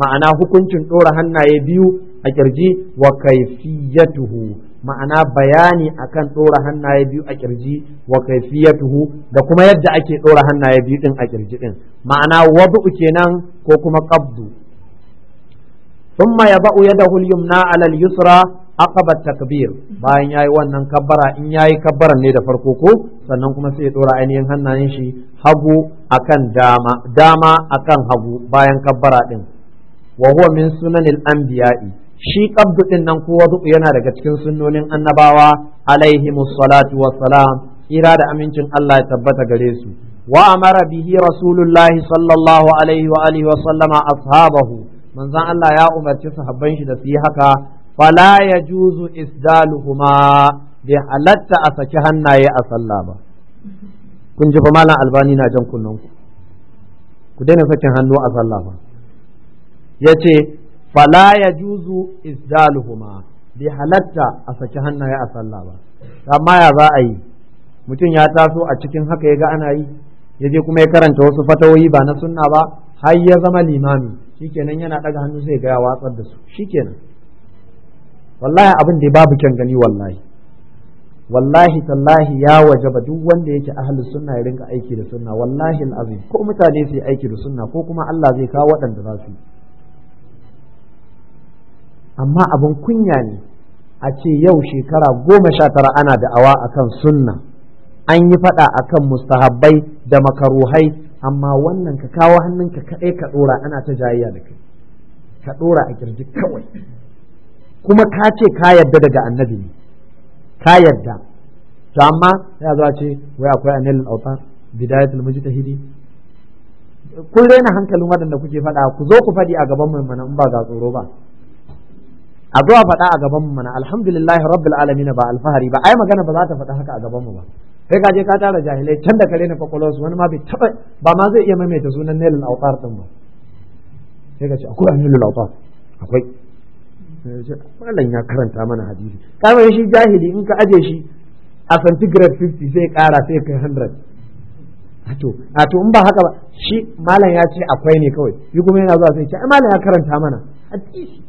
ma'ana hukuncin ɗora hannaye biyu a kirji wa kaifiyatuhu ma'ana bayani akan ɗora hannaye biyu a kirji wa tuhu da kuma yadda ake ɗora hannaye biyu din a kirji din ma'ana wabu kenan ko kuma qabdu thumma ya yadahu al-yumna 'ala al-yusra aqaba takbir bayan yayi wannan kabbara in yayi kabbaran ne da farko ko sannan kuma sai ya dora ainihin hannayen shi hagu akan dama dama akan hagu bayan kabbara din wa huwa min sunanil anbiya'i shi qabdu din nan ko wudu yana daga cikin sunnonin annabawa Alaihi musallatu wassalam ira da amincin Allah ya tabbata gare su wa amara bihi rasulullahi sallallahu alaihi wa alihi wa sallama ashabahu manzon Allah ya umarci sahabban shi da su yi haka fala yajuzu isdaluhuma bi halatta a saki hannaye a sallah ba kun ji fa malam albani na jan kunnen ku ku daina sakin hannu a sallah ba ya ce fala ya juzu isdaluhuma bai halatta a saki hannaye a sallah ba amma ya za a yi mutum ya taso a cikin haka ya ga ana yi ya je kuma ya karanta wasu fatawoyi ba na sunna ba har ya zama limami shikenan yana daga hannu sai ga ya watsar da su shikenan wallahi abin da babu kyan gani wallahi wallahi tallahi ya waje ba duk wanda yake ahli sunna ya rinka aiki da sunna wallahi alazim ko mutane su aiki da sunna ko kuma Allah zai kawo waɗanda za su yi amma abin kunya ne a ce yau shekara goma sha tara ana da'awa akan sunna an yi faɗa akan mustahabbai da makaruhai amma wannan ka kawo hannunka kaɗai ka ɗora ana ta jayayya da kai ka ɗora a kirji kawai kuma ka ce ka yadda daga annabi ne ka yadda to amma ya zuwa ce wai akwai anilin autar ta mujtahidi kun raina hankalin waɗanda kuke faɗa ku zo ku faɗi a gaban mu mana in ba ga tsoro ba a zuwa faɗa a gaban mu mana alhamdulillah rabbil alamin ba alfahari ba ai magana ba za ta faɗa haka a gaban mu ba kai ka je ka tara jahilai can da kare na fakwalwarsu wani ma bai taɓa ba ma zai iya maimaita sunan nailul autar din ba sai ka ce akwai nailul autar akwai malam ya karanta mana hadisi kamar shi jahili in ka aje shi a centigrade 50 sai ƙara sai kai 100 ato ato in ba haka ba shi malam ya ce akwai ne kawai yi kuma yana zuwa sai ce ai malam ya karanta mana hadisi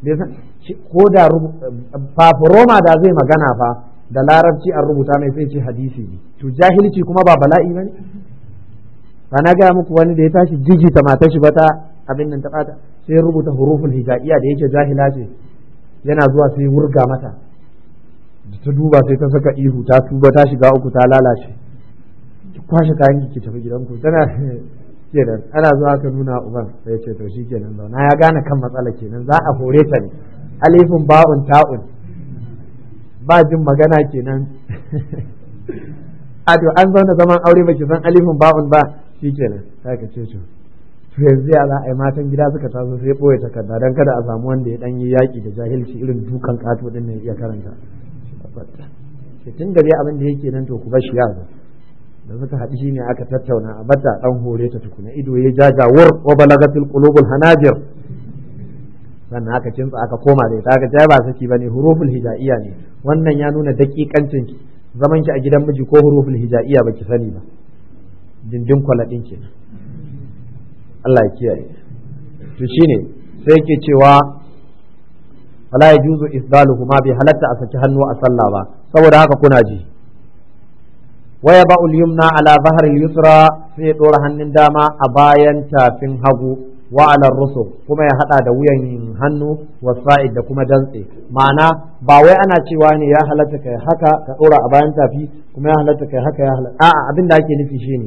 ko da roma da zai magana fa da larabci an rubuta mai sai ce hadisi ne to jahilci kuma ba bala'i ba ne ba na gaya muku wani da ya tashi jigita mata shi bata abin nan ta bata sai ya rubuta huruful hijaiya da yake jahila ce yana zuwa sai wurga mata da ta duba sai ta saka ihu ta tuba ta shiga uku ta lalace ki kwashe kayan ki tafi gidanku tana kenan ana zuwa ka nuna uban sai ce to shi kenan zauna ya gane kan matsala kenan za a hore ta ne alifin ba'un ta'un ba jin magana kenan a to an zauna zaman aure baki san alifin ba'un ba shi kenan sai ka ce to to yanzu ya za a yi matan gida suka taso sai boye takarda dan kada a samu wanda ya dan yi yaki da jahilci irin dukan kato din ne ya karanta tun da dai abin da yake nan to ku bar shi ya da suka haɗu shi ne aka tattauna a bada ɗan hore ta tukuna ido ya wur wa balagatul qulubul hanajir sannan aka cinsa aka koma da ita aka ja ba saki bane huruful hijaiya ne wannan ya nuna daƙiƙancin zaman ki a gidan miji ko huruful hijaiya baki sani ba dindin kwaladin ki Allah ya kiyaye to shine sai yake cewa fala yajuzu isdaluhuma bi halatta a saki hannu a sallah ba saboda haka kuna ji Waya ba ba'ul yumna ala yusra sai ya dora hannun dama a bayan tafin hagu wa ala rusu kuma ya hada da wuyan hannu wa sa'id da kuma dantse ma'ana ba wai ana cewa ne ya halatta kai haka ka dora a bayan tafi kuma ya halatta kai haka ya halatta a'a abin da ake nufi shine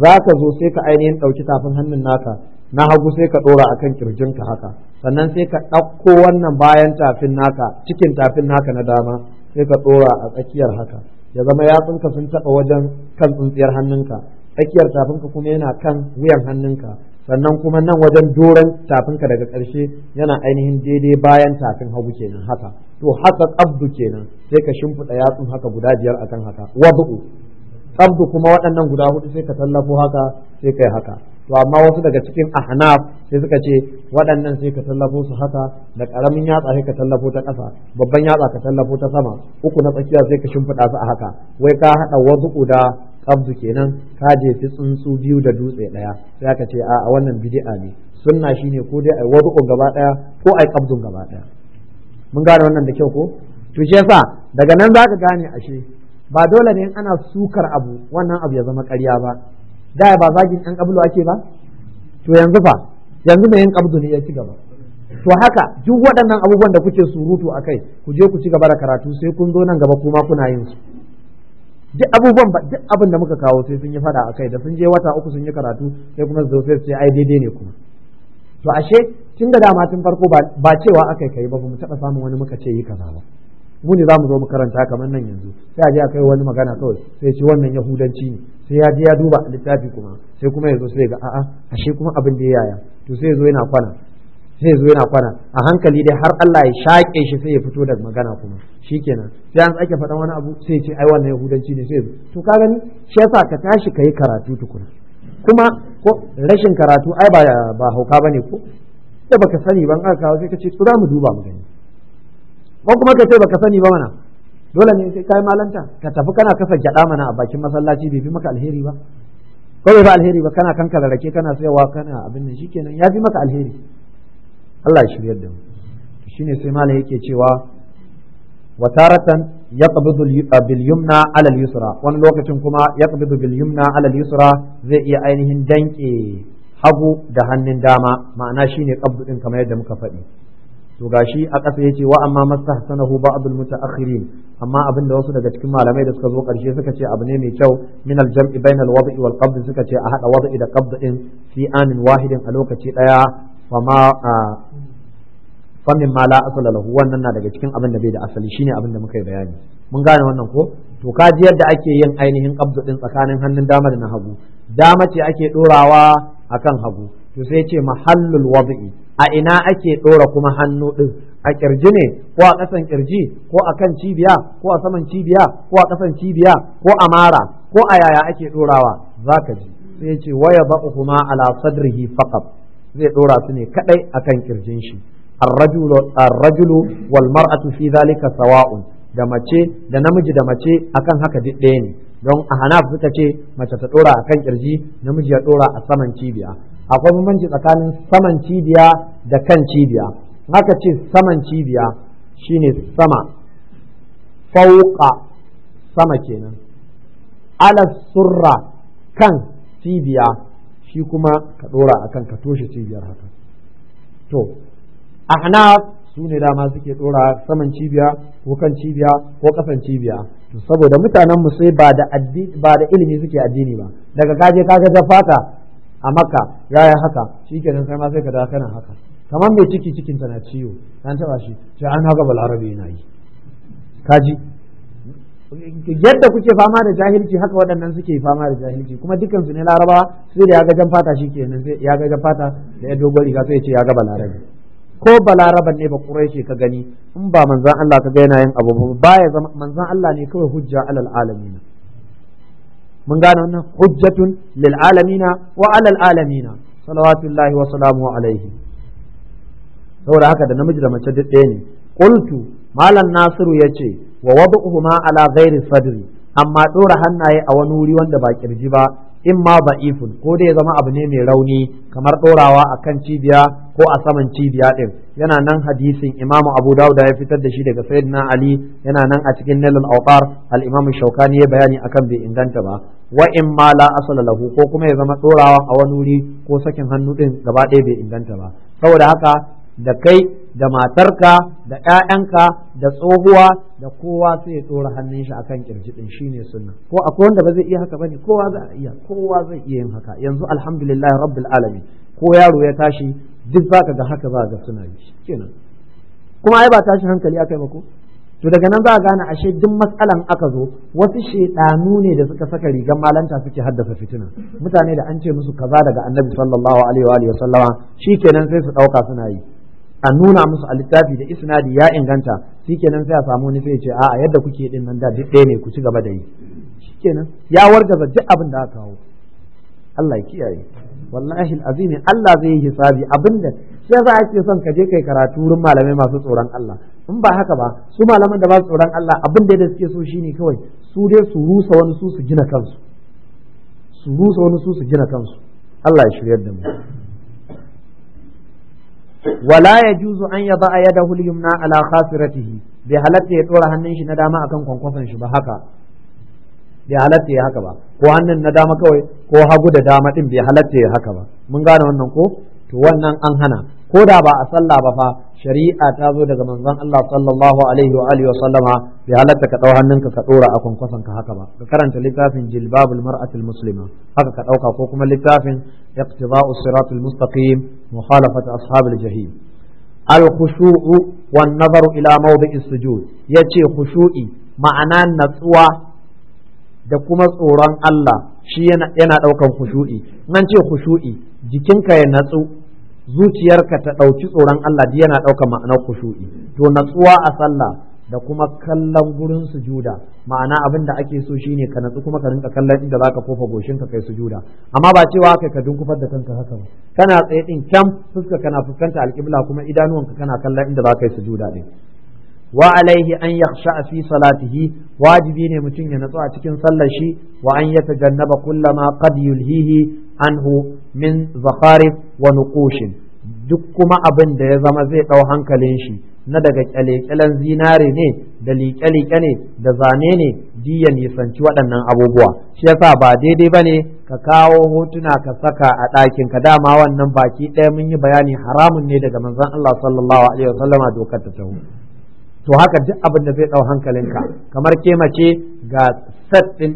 zaka zo sai ka ainihin dauki tafin hannun naka na hagu sai ka dora akan kirjinka haka sannan sai ka ɗauko wannan bayan tafin naka cikin tafin naka na dama sai ka dora a tsakiyar haka ya zama yatsunka sun taɓa wajen kan tsuntsiyar hannunka tsakiyar tafinka kuma yana kan wuyan hannunka sannan kuma nan wajen doron tafinka daga ƙarshe yana ainihin daidai bayan tafin hagu kenan haka to haka tsabdu kenan sai ka shimfiɗa yatsun haka guda biyar akan haka Wab'u tsabdu kuma waɗannan guda hudu sai ka tallafo haka sai kai haka to amma wasu daga cikin ahnaf sai suka ce waɗannan sai ka tallafo su haka da ƙaramin yatsa sai ka tallafo ta ƙasa babban yatsa ka tallafo ta sama uku na tsakiya sai ka shimfiɗa su a haka wai ka haɗa wasu da ƙabdu kenan ka jefi tsuntsu biyu da dutse ɗaya sai aka ce a wannan bidi'a ne sunna shine ko dai ai wasu gaba ɗaya ko ai ƙabdun gaba ɗaya mun gane wannan da kyau ko to shi yasa daga nan za ka gane ashe ba dole ne ana sukar abu wannan abu ya zama ƙarya ba da ba zagin yan ƙablu ake ba to yanzu fa yanzu mai yin ƙabdu ne ya ci gaba to haka duk waɗannan abubuwan da kuke surutu a kai ku je ku ci gaba da karatu sai kun zo nan gaba kuma kuna yin su duk abubuwan ba duk abin da muka kawo sai sun yi fada a kai da sun je wata uku sun yi karatu sai kuma su sai su ce ai daidai ne kuma to ashe tun da dama tun farko ba cewa aka kai ba mu taɓa samun wani muka ce yi kaza ba mu ne za mu zo mu karanta kamar nan yanzu sai aje a kai wani magana kawai sai ce wannan yahudanci ne sai ya je ya duba a littafi kuma sai kuma ya zo sai ga a'a ashe kuma abin da yaya to sai ya zo yana kwana sai ya zo yana kwana a hankali dai har Allah ya shaƙe shi sai ya fito da magana kuma shikenan sai an tsake faɗan wani abu sai ya ce ai wannan yahudanci ne sai ya zo to ka gani shi yasa ka tashi ka yi karatu tukuna kuma ko rashin karatu ai ba ba hauka bane ko da baka sani ban aka kawo sai ka ce to za mu duba mu gani ko kuma ka ce baka sani ba mana dole ne sai kai malanta ka tafi kana kasa gyada mana a bakin masallaci bai fi maka alheri ba ko bai ba alheri ba kana kanka da rake kana sayawa kana abin nan shikenan ya fi maka alheri Allah ya shiryar da mu shine sai malai yake cewa wa taratan yaqbidu ah, bil yumna ala al yusra wani lokacin kuma yaqbidu bil yumna ala al yusra zai iya ainihin danke hagu da hannun dama ma'ana shine qabdu din kamar yadda muka faɗi to gashi a ƙasa yace wa amma mastahsanahu ba'd al-mutaakhirin amma abin da wasu daga cikin malamai da suka zo ƙarshe suka ce abu ne mai kyau min al-jam'i bain al-wad'i wal qabd suka ce a hada wad'i da qabd in fi anin wahidin a lokaci daya fama famin ma la asala lahu wannan na daga cikin abin da bai da asali shine abin da muka yi bayani mun gane wannan ko to ka ji yadda ake yin ainihin qabd din tsakanin hannun dama da na hagu dama ce ake dorawa akan hagu to sai ce mahallul wad'i a ina ake ɗora kuma hannu ɗin a ƙirji ne ko a ƙasan ƙirji ko a kan cibiya ko a saman cibiya ko a ƙasan cibiya ko a mara ko a yaya ake ɗorawa za ka ji sai ya ce waya ba kuma ala sadrihi faqat zai ɗora su ne kaɗai a kan ƙirjin shi arrajulu wal mar'atu fi zalika sawa'un da mace da namiji da mace akan haka duk ɗaya ne don a hanaf suka ce mace ta ɗora a kan ƙirji namiji ya ɗora a saman cibiya akwai bambanci tsakanin saman cibiya da kan cibiya haka ce saman cibiya shine sama fauka sama kenan ala surra kan cibiya shi kuma ka dora akan ka toshe cibiyar haka to ahnaf su ne dama suke dora saman cibiya ko kan cibiya ko kasan cibiya saboda mutanenmu sai ba da ilimi suke addini ba daga kaje kaga fata a maka ya yi haka shi kenan kai ma sai ka da kana haka kamar mai ciki cikin na ciwo an taba shi sai an haka balarabe yana yi kaji yadda kuke fama da jahilci haka waɗannan suke fama da jahilci kuma dukkan su ne laraba sai da ya ga jan fata shi nan sai ya ga jan fata da ya dogon riga sai ya ce ya ga balarabe ko balaraban ne ba shi ka gani in ba Manzan Allah ka ga yana yin abu ba ya zama Manzan Allah ne kawai hujja alal alamin mun gane wannan hujjatun lil alamina wa alal alamina salawatullahi wa salamu alaihi saboda haka da namiji da mace duk ɗaya ne qultu malam nasiru yace wa wad'uhuma ala ghairi sadri amma dora hannaye a wani wuri wanda ba kirji ba in ma ba'ifun ko dai ya zama abu ne mai rauni kamar dorawa akan cibiya ko a saman cibiya din yana nan hadisin imamu abu dawud ya fitar da shi daga sayyidina ali yana nan a cikin nilal awqar al imamu shaukani ya bayani akan bai inganta ba wa in ma la asala lahu ko kuma ya zama dorawa a wani wuri ko sakin hannu din gaba ɗaya bai inganta ba saboda haka da kai da matarka da ƴaƴanka da tsohuwa da kowa sai ya tsora hannun shi akan kirji din shine sunna ko akwai wanda ba zai iya haka bane kowa zai iya kowa zai iya yin haka yanzu alhamdulillah rabbil alamin ko yaro ya tashi duk za ka ga haka ba ga suna yi kenan kuma ai ba tashin hankali aka yi ba ko to daga nan za a gane ashe duk matsalan aka zo wasu shedanu ne da suka saka rigar malanta suke haddasa fitina mutane da an ce musu kaza daga annabi sallallahu alaihi wa sallama shikenan sai su dauka suna yi a nuna musu a littafi da isnadi ya inganta shikenan sai a samu wani sai ce a'a yadda kuke din nan da duk ɗaya ne ku ci gaba da yi shikenan ya wargaza duk abin da aka kawo Allah ya kiyaye wallahi azimi Allah zai yi hisabi da shi yasa ake son ka je kai karatu wurin malamai masu tsoron Allah in ba haka ba su malaman da ba su tsoron Allah abin da suke so shine kawai su dai su rusa wani su su gina kansu su rusa wani su su gina kansu Allah ya shiryar da mu wala yajuzu an yaba yadahu al-yumna bai halatta ya dora hannun shi na dama akan shi ba haka bai halatta ya haka ba ko hannun na dama kawai ko hagu da dama din bai halatta ya haka ba mun gane wannan ko to wannan an hana ko da ba a sallah ba fa shari'a ta zo daga manzon Allah sallallahu alaihi wa alihi wa sallama bai halatta ka dau hannunka ka dora a kwankwason ka haka ba ka karanta littafin jilbabul mar'atil muslima haka ka dauka ko kuma littafin iqtida'u siratul mustaqim muhalafatu ashabil jahim al khushu'u wan nazaru ila mawdi'is sujud yace khushu'i ma'ana natsuwa da kuma tsoron Allah shi yana ɗaukan khushu'i nan ce khushu'i jikinka ya natsu zuciyarka ta ɗauki tsoron Allah duk yana ɗaukan ma'anar khushu'i to natsuwa a sallah da kuma kallon gurin sujuda ma'ana abin da ake so shi ne ka natsu kuma ka rinka kallon inda zaka kofa goshin ka kai sujuda amma ba cewa kai ka dunkufar da kanka haka ba kana tsaye din kyam fuska kana fuskanta alƙibla kuma idanuwanka kana kallon inda zaka yi sujuda din wa alaihi an yakhsha fi salatihi wajibi ne mutum ya natsu a cikin sallar shi wa an yataganaba kullama qad yulhihi anhu min zakarif wa nuqushin duk kuma abin da ya zama zai dau hankalin shi na daga kyale-kyalen zinare ne da liƙe-liƙe ne da zane ne diya nisanci waɗannan abubuwa shi yasa ba daidai ba ne ka kawo hotuna ka saka a ɗakin ka dama wannan baki ɗaya mun yi bayani haramun ne daga manzon Allah sallallahu alaihi wasallama dokar ta tahu to haka duk abin da zai ɗau hankalinka kamar ke mace ga set ɗin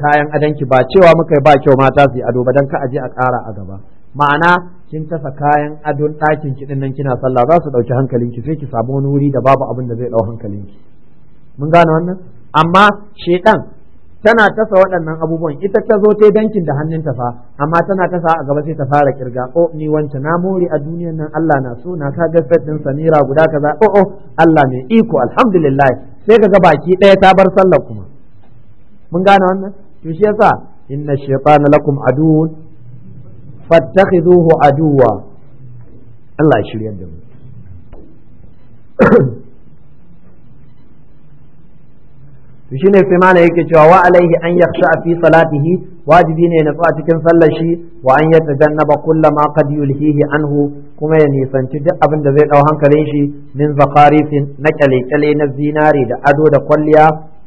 kayan adanki ba cewa muka ba kyau mata su yi ado ba don ka aje a ƙara a gaba ma'ana kin tafa kayan adon ɗakin ki nan kina sallah za su ɗauki hankalinki sai ki samu wani wuri da babu abin da zai ɗau hankalinki mun gane wannan amma shedan tana tasa waɗannan abubuwan ita ta zo ta dankin da hannunta fa amma tana tasa a gaba sai ta fara kirga oh ni wance na more a duniyan nan Allah na so na ka gasar din samira guda kaza oh oh Allah mai iko alhamdulillah sai kaga baki ɗaya ta bar sallar kuma mun gane wannan to shi yasa inna shaytana lakum aduwwun fattakhiduhu aduwa Allah shiryar da mu to shine sai mana yake cewa wa alaihi an yakhsha fi salatihi wajibi ne na a cikin sallar shi wa an yatajannaba kulla ma qad yulhihi anhu kuma ya nisanci duk abin da zai dau hankalin shi min zakarifin na kyale-kyale na zinare da ado da kwalliya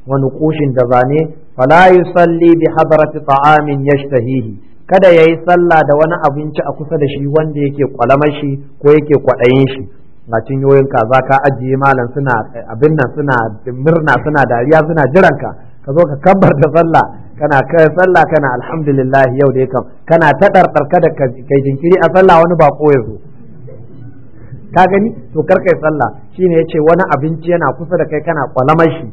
wa nuqushin da zane fala yusalli bi hadrati ta'amin yashtahihi kada yayi sallah da wani abinci a kusa da shi wanda yake kwalamar shi ko yake kwadayin shi ga cinyoyin kaza ka ajiye malam suna abin nan suna murna suna dariya suna jiran ka ka zo ka kabbar da sallah kana kai sallah kana alhamdulillah yau da yakan kana ta ɗarɗarka da kai jinkiri a sallah wani ba ya zo ka gani to kar kai sallah shine yace wani abinci yana kusa da kai kana kwalamar shi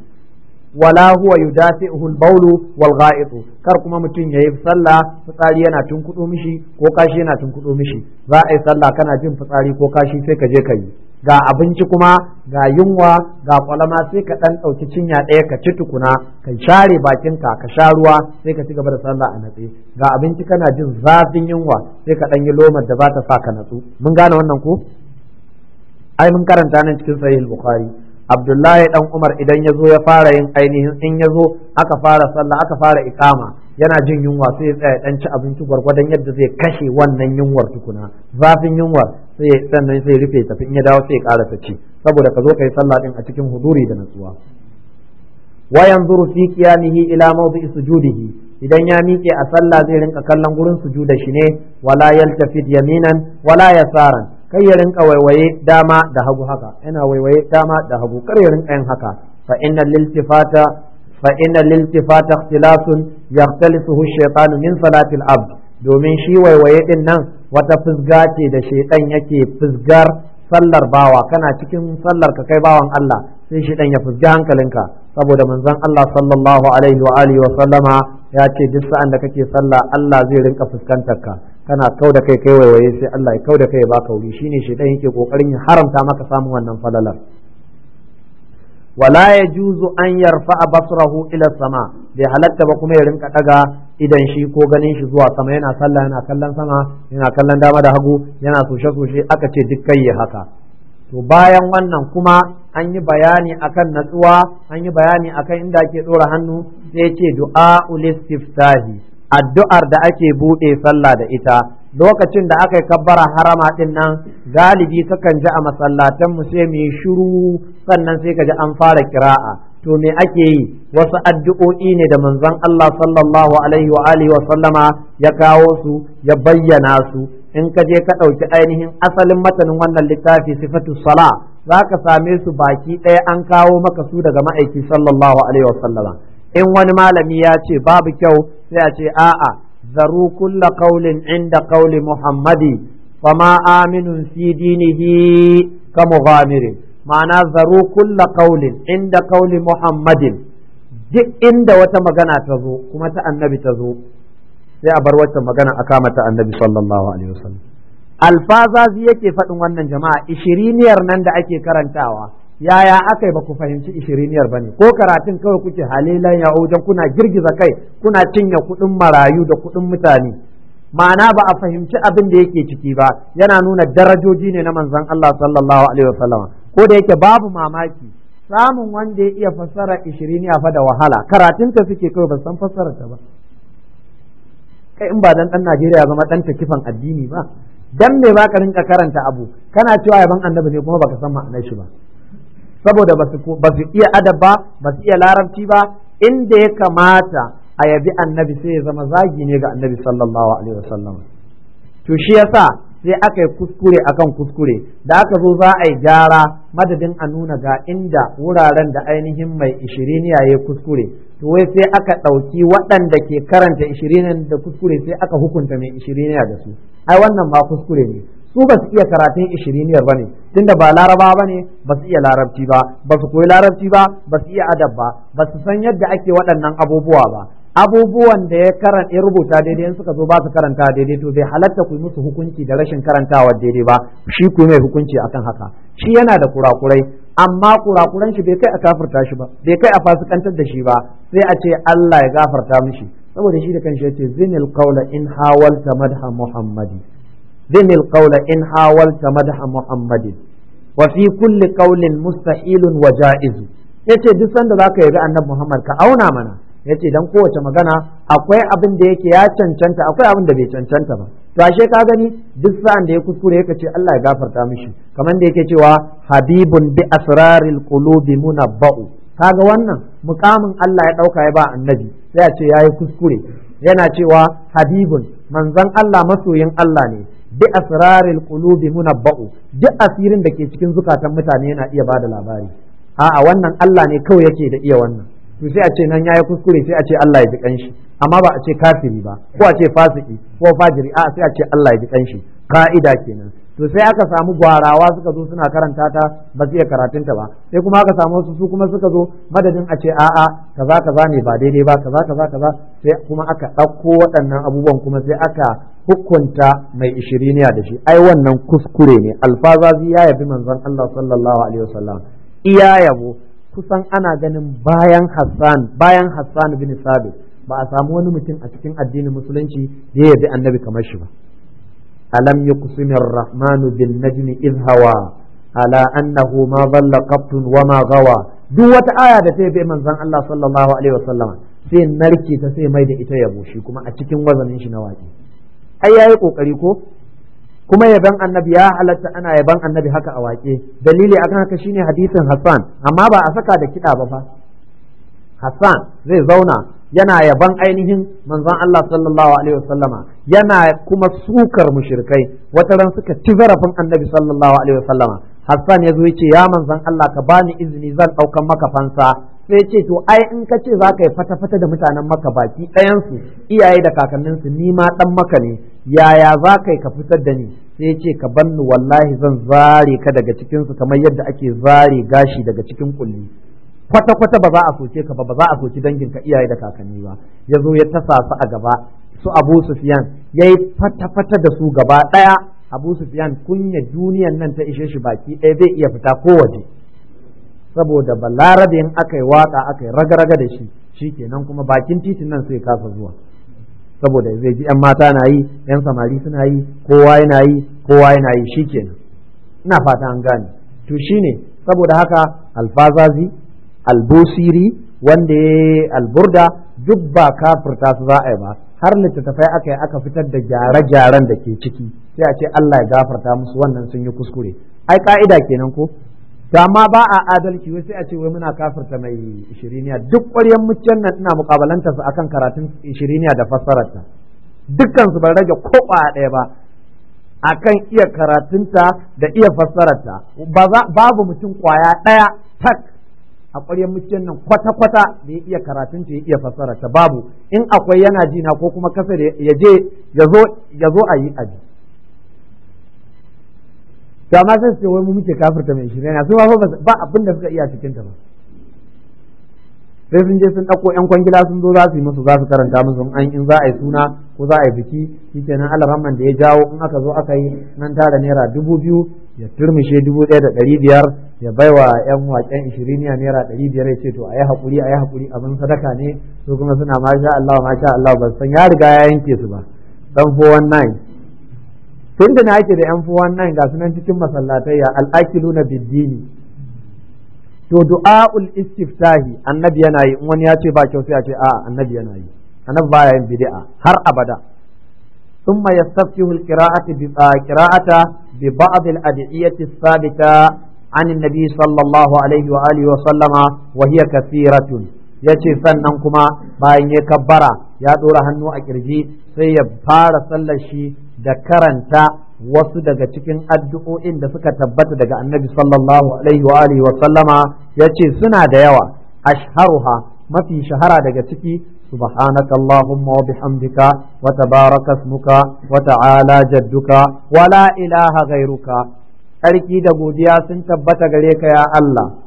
wala huwa yudafi'uhu al-bawlu wal gha'itu kar kuma mutum yayi sallah fitsari yana tunkudo mishi ko kashi yana tunkudo mishi za a yi sallah kana jin fitsari ko kashi sai ka je ka yi ga abinci kuma ga yunwa ga kwalama sai ka dan dauki cinya ɗaya ka ci tukuna ka share bakinka ka sha ruwa sai ka ci gaba da sallah a natse ga abinci kana jin zafin yunwa sai ka dan yi lomar da ba ta sa ka natsu mun gane wannan ko ai mun karanta nan cikin sahih bukhari abdullahi dan umar idan ya zo ya fara yin ainihin in ya zo aka fara sallah aka fara ikama yana jin yunwa sai ya tsaya dan ci abinci gwargwadon yadda zai kashe wannan yunwar tukuna zafin yunwar sai sannan sai rufe tafi in ya dawo sai ya karasa ci saboda ka zo kai sallah din a cikin huduri da natsuwa wa yanzuru fi qiyamihi ila mawdi'i sujudihi idan ya miƙe a sallah zai rinka kallon gurin sujudar shi ne wala yaltafid yaminan wala yasaran kai ya rinka waiwaye dama da hagu haka yana waiwaye dama da hagu kar ya rinka yin haka fa inna liltifata fa inna liltifata ikhtilasun yakhtalisuhu shaytanu min salati abd domin shi waiwaye din nan wata fusga ce da shaytan yake fusgar sallar bawa kana cikin sallar ka kai bawan Allah sai shaytan ya fusga hankalinka saboda manzon Allah sallallahu alaihi wa alihi wa sallama ya ce duk sa'an da kake sallah Allah zai rinka fuskantar ka kana kau da kai kai waiwaye sai Allah ya kau da kai ba ka wuri shine shi dan yake kokarin ya haramta maka samun wannan falalar wala yajuzu an yarfa basrahu ila sama bai halatta ba kuma ya rinka daga idan shi ko ganin shi zuwa sama yana sallah yana kallon sama yana kallon dama da hagu yana soshe soshe aka ce duk kai haka to bayan wannan kuma an yi bayani akan natsuwa an yi bayani akan inda ake dora hannu sai ce du'a ulistiftahi addu'ar da ake buɗe sallah da ita lokacin da aka yi kabbara harama ɗin nan galibi kakan ji a masallatan mu sai mu yi shiru sannan sai ka ji an fara kira'a to me ake yi wasu addu'o'i ne da manzon Allah sallallahu alaihi wa wa sallama ya kawo su ya bayyana su in ka je ka ɗauki ainihin asalin matanin wannan littafi sifatu sala za ka same su baki ɗaya an kawo maka su daga ma'aiki sallallahu alaihi wa sallama in wani malami ya ce babu kyau sai a ce a'a zaru kulla qaulin inda qauli muhammadi fama aminun fi dinihi ka mughamirin ma'ana zaru kulla qaulin inda qauli muhammadin duk inda wata magana ta zo kuma ta annabi ta zo sai a bar wata magana a kama annabi sallallahu alaihi wasallam alfazazi yake faɗin wannan jama'a ishiriniyar nan da ake karantawa yaya aka yi ba ku fahimci ishiriniyar ba ne ko karatun kawai kuke halilan wajen kuna girgiza kai kuna cinye kuɗin marayu da kuɗin mutane ma'ana ba a fahimci abin da yake ciki ba yana nuna darajoji ne na manzan Allah sallallahu alaihi wasallama ko da yake babu mamaki samun wanda ya iya fassara ishiriniya fa da wahala karatun ta suke kawai ba san ta ba kai in ba dan dan Najeriya zama dan kifan addini ba dan me ba ka rinka karanta abu kana cewa yaban annabi ne kuma baka san ma'anar shi ba saboda ba su iya adab ba ba su iya larabci ba inda ya kamata a yabi annabi sai ya zama zagi ne ga annabi sallallahu alaihi wasallam to shi yasa sai aka yi kuskure akan kuskure da aka zo za a yi gyara madadin a nuna ga inda wuraren da ainihin mai ishiriniya ya kuskure to wai sai aka ɗauki waɗanda ke karanta ishirinin da kuskure sai aka hukunta mai ishiriniya da su ai wannan ma kuskure ne su ba su iya karatun ishiriniyar ba ne tunda ba laraba ba ne ba su iya larabci ba ba su koyi larabci ba ba su iya adab ba ba su san yadda ake waɗannan abubuwa ba abubuwan da ya karanta rubuta daidai in suka zo ba su karanta daidai to bai halatta ku musu hukunci da rashin karantawa daidai ba shi ku mai hukunci akan haka shi yana da kurakurai amma kurakuran shi bai kai a kafirta shi ba bai kai a fasikantar da shi ba sai a ce Allah ya gafarta mishi saboda shi da kanshi yace zinil qawla in hawalta madha muhammadi دم القول إن حاولت مدح محمد وفي كل قول مستحيل وجائز yace duk sanda zaka yabi annabi Muhammad ka auna mana yace dan kowace magana akwai abin da yake ya cancanta akwai abin da bai cancanta ba to ashe ka gani duk sa'an da ya kuskure yake ce Allah ya gafarta mishi kamar da yake cewa habibun bi asraril qulubi munabba'u kaga wannan mukamin Allah ya dauka ya ba annabi sai a ce yayi kuskure yana cewa habibun manzon Allah masoyin Allah ne bi asraril qulubi munabba'u duk asirin da ke cikin zukatan mutane yana iya bada labari a'a wannan Allah ne kawai yake da iya wannan to sai a ce nan yayi kuskure sai a ce Allah ya ji kanshi amma ba a ce kafiri ba ko a ce fasiki ko fajiri a'a sai a ce Allah ya ji kanshi ka'ida kenan to sai aka samu gwarawa suka zo suna karanta ta ba su iya karatunta ba sai kuma aka samu wasu su kuma suka zo madadin a ce a'a kaza kaza ne ba daidai ba kaza kaza kaza sai kuma aka ɗauko waɗannan abubuwan kuma sai aka hukunta mai ishiriniya da shi ai wannan kuskure ne alfazazi ya yabi manzon Allah sallallahu alaihi wasallam iya yabo kusan ana ganin bayan Hassan bayan Hassan bin Sabit ba a samu wani mutum a cikin addinin musulunci da ya yabi annabi kamar shi ba alam yuqsimir rahmanu bin najmi Izhawa hawa ala annahu ma dhalla wa ma gawa duk wata aya da ta yabi manzon Allah sallallahu alaihi wasallam sai narke ta sai mai da ita yabo shi kuma a cikin wazanin shi na wake. ai yayi kokari ko kuma yaban annabi ya halatta ana yaban annabi haka a wake dalili akan haka shine hadisin Hassan amma ba a saka da kiɗa ba fa Hassan zai zauna yana yaban ainihin manzon Allah sallallahu alaihi wasallama yana kuma sukar mushrikai wata ran suka ci zarafin annabi sallallahu alaihi wasallama Hassan ya zo yace ya manzon Allah ka bani izini zan ɗaukan maka fansa sai ce to ai in ka ce za ka yi fata-fata da mutanen maka baki ɗayansu iyaye da kakanninsu ni ma ɗan maka ne yaya za ka yi ka fitar da ni sai ce ka bannu wallahi zan zare ka daga cikinsu kamar yadda ake zare gashi daga cikin kulli kwata-kwata ba za a soke ka ba ba za a soki danginka iyaye da kakanni ba ya zo ya tasa su a gaba su abu sufiyan ya yi fata-fata da su gaba ɗaya abu sufiyan kunya duniyan nan ta ishe shi baki ɗaya zai iya fita kowace saboda balarabe in aka yi waka aka yi raga-raga da shi shi kenan kuma bakin titin nan sai kasa zuwa saboda zai ji 'yan mata na yi 'yan samari suna yi kowa yana yi kowa yana yi shi kenan ina fata an gane to shi ne saboda haka alfazazi albusiri wanda ya alburda duk ba kafirta su za a yi ba har littattafai aka yi aka fitar da gyare-gyaren da ke ciki sai a ce Allah ya gafarta musu wannan sun yi kuskure ai ka'ida kenan ko to amma ba a adalci wai sai a ce wai muna kafirta mai shiriniya duk ƙwaryan muccan nan ina mukabalanta su akan karatun shiriniya da fassararta dukkan su ban rage ko ɗaya ba akan iya karatunta da iya fassararta babu mutum kwaya ɗaya tak a ƙwaryen mucin nan kwata-kwata da ya iya karatun ta ya iya fassararta babu in akwai yana jina ko kuma kasa da ya je ya zo a yi aji to amma sai su ce wai mu muke kafirta mai shirya na su ba abin da suka iya cikin ta ba sai sun je sun ɗauko yan kwangila sun zo za su yi musu za su karanta musu an in za a yi suna ko za a yi biki shikenan alhamman da ya jawo in aka zo aka yi nan tara naira dubu biyu ya turmishe dubu ɗaya da ɗari biyar ya bai wa yan waƙen ishiriniya naira ɗari biyar ya ce to a yi haƙuri a yi haƙuri abin sadaka ne su kuma suna masha Allah masha Allah ba san ya riga ya yanke su ba dan 419 tun da na ake da yan fuwan nan ga sunan cikin masallatayya al'akiluna biddini to du'a'ul istiftahi annabi yana yi in wani ya ce ba kyau sai a ce a'a annabi yana yi annabi baya yin bid'a har abada ثم يستفتح القراءة قراءة ببعض الأدعية الثابتة عن النبي صلى الله عليه وآله وسلم وهي كثيرة yace sannan kuma bayan ya kabbara ya ɗora hannu a kirji sai ya fara sallar shi da karanta wasu daga cikin addu’o’in da suka tabbata daga annabi sallallahu ya ce suna da yawa a mafi shahara daga ciki su ba hana wata baraka smuka wata ala jadduka wala ila ha gairuka ƙarki da godiya sun tabbata gare ka ya Allah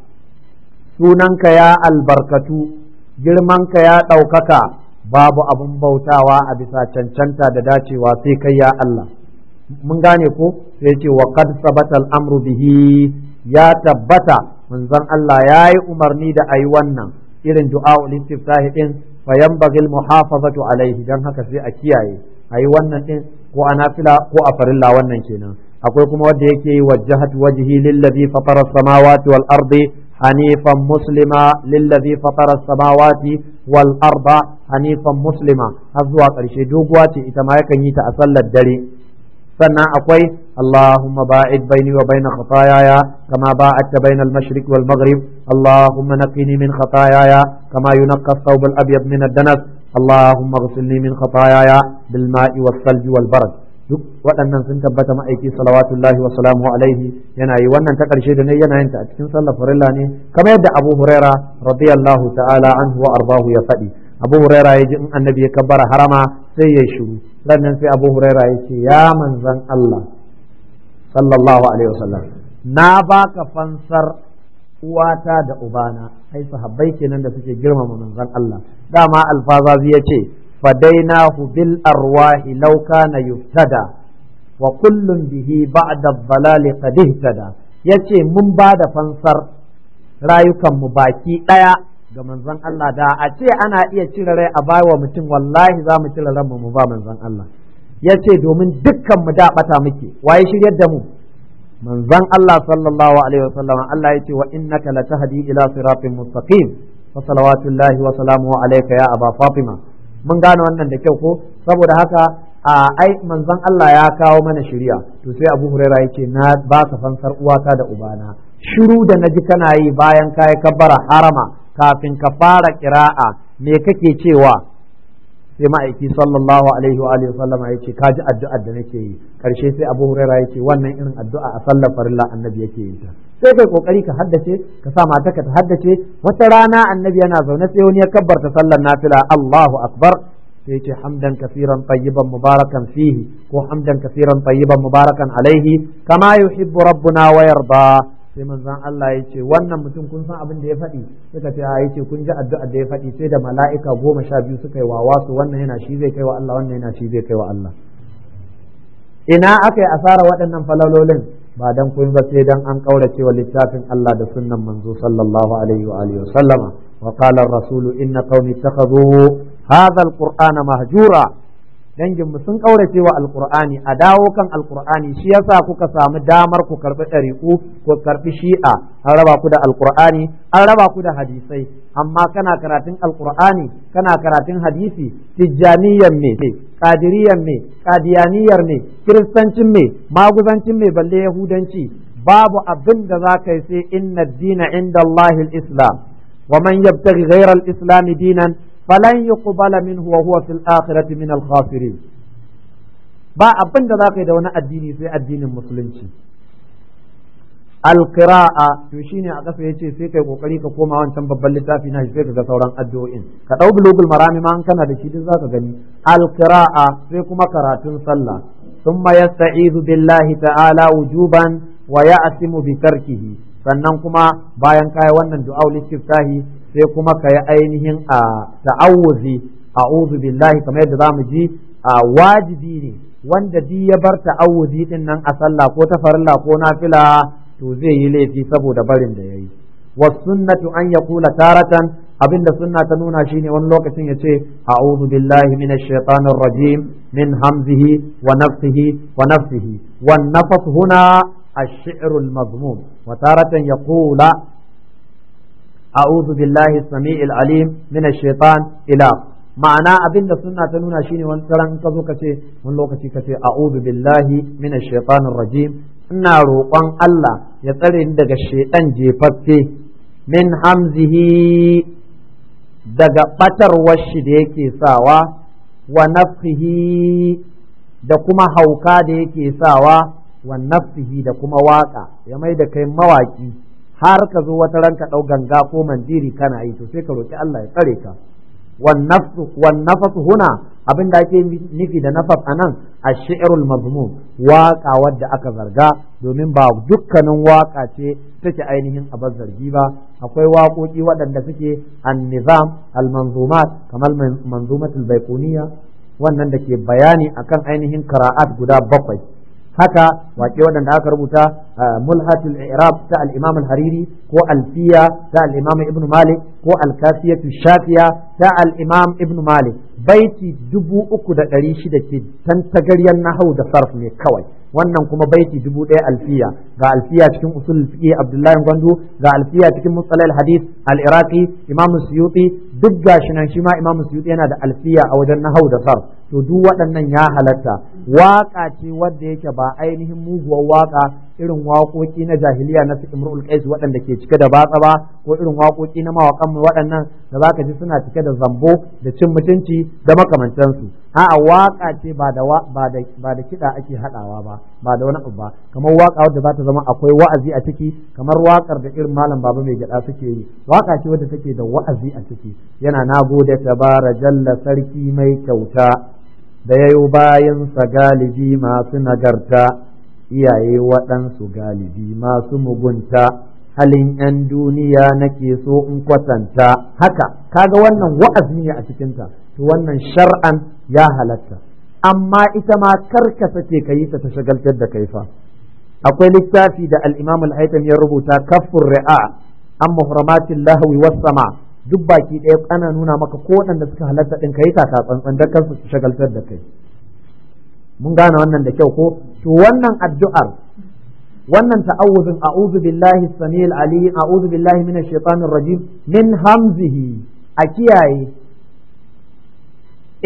sunanka ya albarkatu girmanka ya ɗaukaka babu abun bautawa a bisa cancanta da dacewa sai kai ya Allah mun gane ko sai ce wa qad sabata al-amru bihi ya tabbata manzon Allah yayi umarni da ayi wannan irin du'a'ul istiftahi din fa yanbaghi al-muhafazatu alaihi dan haka sai a kiyaye ayi wannan din ko a nafila ko a farilla wannan kenan akwai kuma wanda yake wajjahat wajhi lillazi fatara as-samawati wal ardi hanifan muslima lillazi fatara samawati wal arda hanifan muslima har zuwa ƙarshe doguwa ce ita ma yakan yi ta a sallar dare sannan akwai Allahumma ba'id baini wa baina khataayaya kama ba'adta baina al-mashriq wal maghrib Allahumma naqini min khataayaya kama yunqqa ath-thawb al-abyad min ad-danas Allahumma ighsilni min khataayaya bil ma'i was salji wal barad duk waɗannan sun tabbata ma'aiki salawatullahi wa salamu alaihi yana yi wannan ta ƙarshe da ne yana yin ta a cikin sallar farilla ne kamar yadda Abu Huraira radiyallahu ta'ala anhu wa arbahu ya faɗi abu huraira ya ji in annabi ya kabbara harama sai ya shiru sannan sai abu huraira ya ce ya manzan Allah sallallahu alaihi wasallam na baka fansar uwata da ubana ai sahabbai kenan da suke girmama manzon Allah dama alfazazi ya ce hu bil arwahi law kana yuftada wa kullun bihi ba'da dhalali qad ihtada yace mun ba da fansar rayukan mu baki daya ga manzon Allah da a ce ana iya cire rai a wa mutum wallahi za mu cire ranmu mu ba manzon Allah ya ce domin dukkan mu da bata muke waye shiryar da mu manzon Allah sallallahu alaihi wasallam Allah ya ce wa innaka latahdi ila siratin mustaqim wa salawatullahi wa salamuhu alayka ya aba fatima mun gane wannan da kyau ko saboda haka a ai manzon Allah ya kawo mana shari'a to sai Abu Hurairah yake na ba ka fansar uwata da ubana shiru da naji kana yi bayan kai kabbara harama kafin ka fara kira'a me kake cewa sai ma'aiki sallallahu alaihi wa alihi wasallam ya ce kaji addu'ar da nake yi karshe sai Abu Hurairah ya ce wannan irin addu'a a sallar farilla annabi yake yin ta sai kai kokari ka haddace ka sa ka ta haddace wata rana annabi yana zaune sai wani ya kabbarta sallar nafila Allahu akbar sai ce hamdan kafiran tayyiban mubarakan fihi ko hamdan kafiran tayyiban mubarakan alaihi kama yuhibbu rabbuna wa yarda sai manzon Allah ya ce wannan mutum kun san abin da ya faɗi suka ce a ce kun ji addu'a da ya faɗi sai da mala'ika goma sha biyu suka yi wawa su wannan yana shi zai kai wa Allah wannan yana shi zai kai wa Allah ina aka yi asara waɗannan falalolin ba dan kun ba sai dan an kaurace wa littafin Allah da sunnan manzo sallallahu alaihi wa alihi wa sallama wa qala ar-rasulu inna qaumi ittakhadhu hadha al-qur'ana mahjura dangin mu sun kaurace wa alqur'ani a dawo kan alqur'ani shi yasa kuka samu damar ku karbi ɗariƙu ku karbi shi'a an raba ku da alqur'ani an raba ku da hadisai amma kana karatun alqur'ani kana karatun hadisi tijjaniyan me qadiriyan me qadiyaniyar me kiristancin mai maguzancin me balle yahudanci babu abin da za ka yi sai inna dina inda islam wa man yabtaghi ghayra islam dinan falan yuqbala minhu wa huwa fil akhirati min al khasirin ba abin da zaka yi da wani addini sai addinin musulunci Alkira'a to shine a kasa yace sai kai kokari ka koma wancan babban littafi na sai ka sauran addu'o'in ka dau bulugul marami ma an kana da shi duk zaka gani alqira'a sai kuma karatun sallah thumma yasta'izu billahi ta'ala wujuban wa ya'simu bi tarkihi sannan kuma bayan kai wannan du'a listiftahi sai kuma ka yi ainihin a ta'awuzi a'udhu billahi kamar yadda zamu ji a wajibi ne wanda duk ya bar ta'awuzi din nan a sallah ko ta farilla ko nafila to zai yi laifi saboda barin da yayi Wa sunnatu an kula taratan abinda sunna ta nuna shine wani lokacin ce a'udhu billahi minash shaitanir rajim min hamzihi wa nafsihi wa nafsihi wan nafas huna ash-shi'rul mazmum wa taratan yaqula a'udhu billahi samiil alim min ila ma'ana abin da sunna ta nuna shine wani tsaron ka zo ka ce wani lokaci ka ce a'udhu billahi min ash rajim ina roƙon Allah ya tsare ni daga shaytan jefaffe min hamzihi daga batarwar shi da yake sawa wa nafsihi da kuma hauka da yake sawa wa nafsihi da kuma waka ya mai da kai mawaki har ka zo wata ran ka ɗau ganga ko mandiri kana yi to sai ka roƙi Allah ya tsare ka wan nafsu huna abin da ake nufi da nafas anan. a shi'irul mazmum waƙa wadda aka zarga domin ba dukkanin waƙa ce take ainihin abar zargi ba akwai waƙoƙi waɗanda suke an-nizam al-manzumat kamar manzumatul baiquniya wannan da ke bayani akan ainihin qira'at guda bakwai haka waƙe waɗanda aka rubuta eh, mulhatul i'rab ta al-imam al-hariri ko alfiya ta al-imam ibn malik ko al-kafiyatu shafiya ta al-imam ibn malik baiti dubu uku da ɗari shida ke tantagaryar nahau da sarf ne kawai wannan kuma baiti dubu ɗaya alfiya ga alfiya cikin usul fiqh abdullahi gwandu ga alfiya cikin musalal hadith al-iraqi imam suyuti duk gashi nan shi ma imamu Suyuti yana da alfiya a wajen nahau da sar to duk waɗannan ya halatta waƙa ce wadda yake ba ainihin muguwar waƙa. irin waƙoƙi na jahiliya na su imrul qais waɗanda ke cike da batsa ba ko irin waƙoƙi na mawaƙan mu waɗannan da zaka ji suna cike da zambo da cin mutunci da makamantansu a'a waƙa ce ba da kiɗa ake haɗawa ba ba da wani abu ba kamar waƙa wadda za ta zama akwai wa'azi a ciki kamar waƙar da irin malam baba mai gyaɗa suke yi waƙa ce wadda take da wa'azi a ciki yana ta tabara jalla sarki mai kyauta da yayo bayan sa galibi masu nagarta iyaye waɗansu galibi masu mugunta halin 'yan duniya nake so in kwatanta haka kaga wannan wa'azi ne a cikinta to wannan shar'an ya halatta amma ita ma karka sake ka yi ta ta shagaltar da kai fa akwai littafi da al al ya rubuta kafin ri'a an muhramatil lahawi was sama duk baki ɗaya ana nuna maka ko waɗanda suka halatta ɗin ka yi ka tsantsan da kansu su shagaltar da kai mun gane wannan da kyau ko to wannan addu'ar wannan ta'awuzin a'udhu billahi samil ali a'udhu billahi minash shaitanir rajim min hamzihi a kiyaye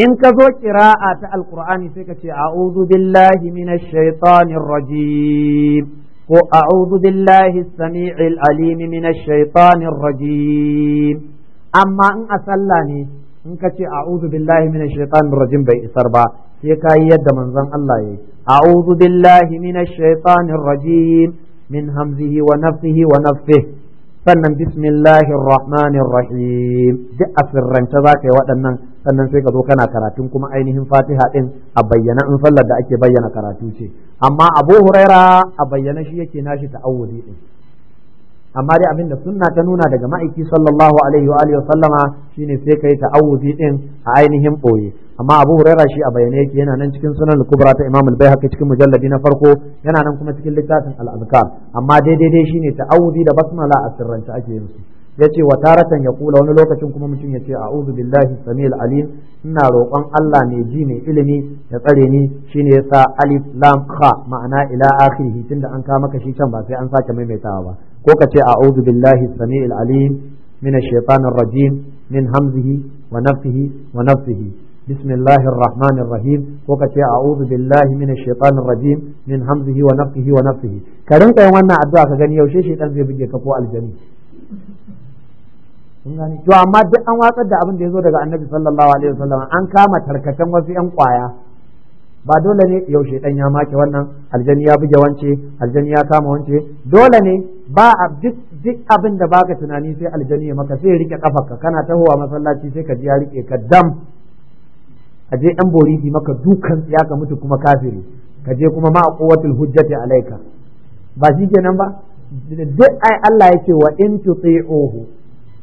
in ka zo kira'a ta alqur'ani sai ka ce a'udhu billahi minash shaitanir rajim ko a'udhu billahi samiil alim minash shaitanir rajim amma in a sallah ne in ka ce a'udhu billahi minash shaitanir rajim bai isar ba sai ka yi yadda manzon Allah yayi a'udhu billahi minash shaitanir rajim min hamzihi wa nafsihi wa nafsihi sannan bismillahir rahmanir rahim duk a sirrance za ka yi waɗannan sannan sai ka zo kana karatun kuma ainihin fatiha din a bayyana in sallar da ake bayyana karatu ce amma abu huraira a bayyana shi yake nashi ta'awudi din amma dai abinda sunna ta nuna daga ma'aiki sallallahu alaihi wa alihi sallama shine sai kai ta'awuzi din a ainihin boye amma Abu Huraira shi a bayyane yake yana nan cikin sunan al-kubra ta Imam al-Baihaqi cikin mujalladi na farko yana nan kuma cikin littafin al-azkar amma daidai dai shine ta'awuzi da basmala a sirrance ake yin su yace wa taratan ya kula wani lokacin kuma mutum yace a'udhu billahi samil alim ina roƙon Allah ne ji ne ilimi ya tsare ni shine yasa alif lam kha ma'ana ila akhirih tunda an ka maka shi can ba sai an sake maimaitawa ba ko ka ce a'udhu billahi samiil alim min ash-shaytanir rajim min hamzihi wa nafthihi wa nafthihi بسم الله الرحمن الرحيم وكتي أعوذ بالله wa الشيطان الرجيم من همزه ونفخه ونفخه كرنك يوم أن أدعى كغني يوشي شيطان زي بيجي كفو الجني to amma duk an watsar da abin da ya zo daga annabi sallallahu alaihi wasallam an kama tarkacen wasu yan kwaya ba dole ne yaushe dan ya make wannan aljani ya buge wance aljani ya kama wance dole ne ba a duk abin da baka tunani sai aljani ya maka sai ya rike kafarka kana tahowa masallaci sai ka ji ya rike ka dam a je yan boridi maka dukan ya ka mutu kuma kafiri ka je kuma ma quwwatul hujjati alaika ba shi kenan ba duk ai Allah yake wa in tuti'uhu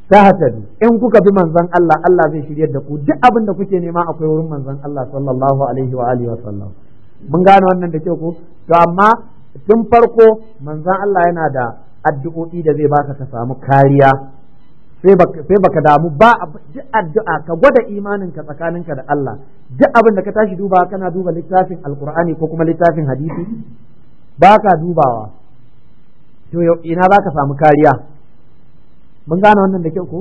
tahtadu in kuka bi manzon Allah Allah zai shiryar da ku duk abin da kuke nema akwai wurin manzon Allah sallallahu alaihi wa alihi wa sallam mun gane wannan da kyau ko to amma tun farko manzon Allah yana da addu'o'i da zai baka ka samu kariya sai baka damu ba duk addu'a ka gwada imaninka tsakaninka da Allah duk abin da ka tashi duba kana duba littafin alkur'ani ko kuma littafin hadisi ba ka dubawa to ina za ka samu kariya mun gane wannan da kyau ko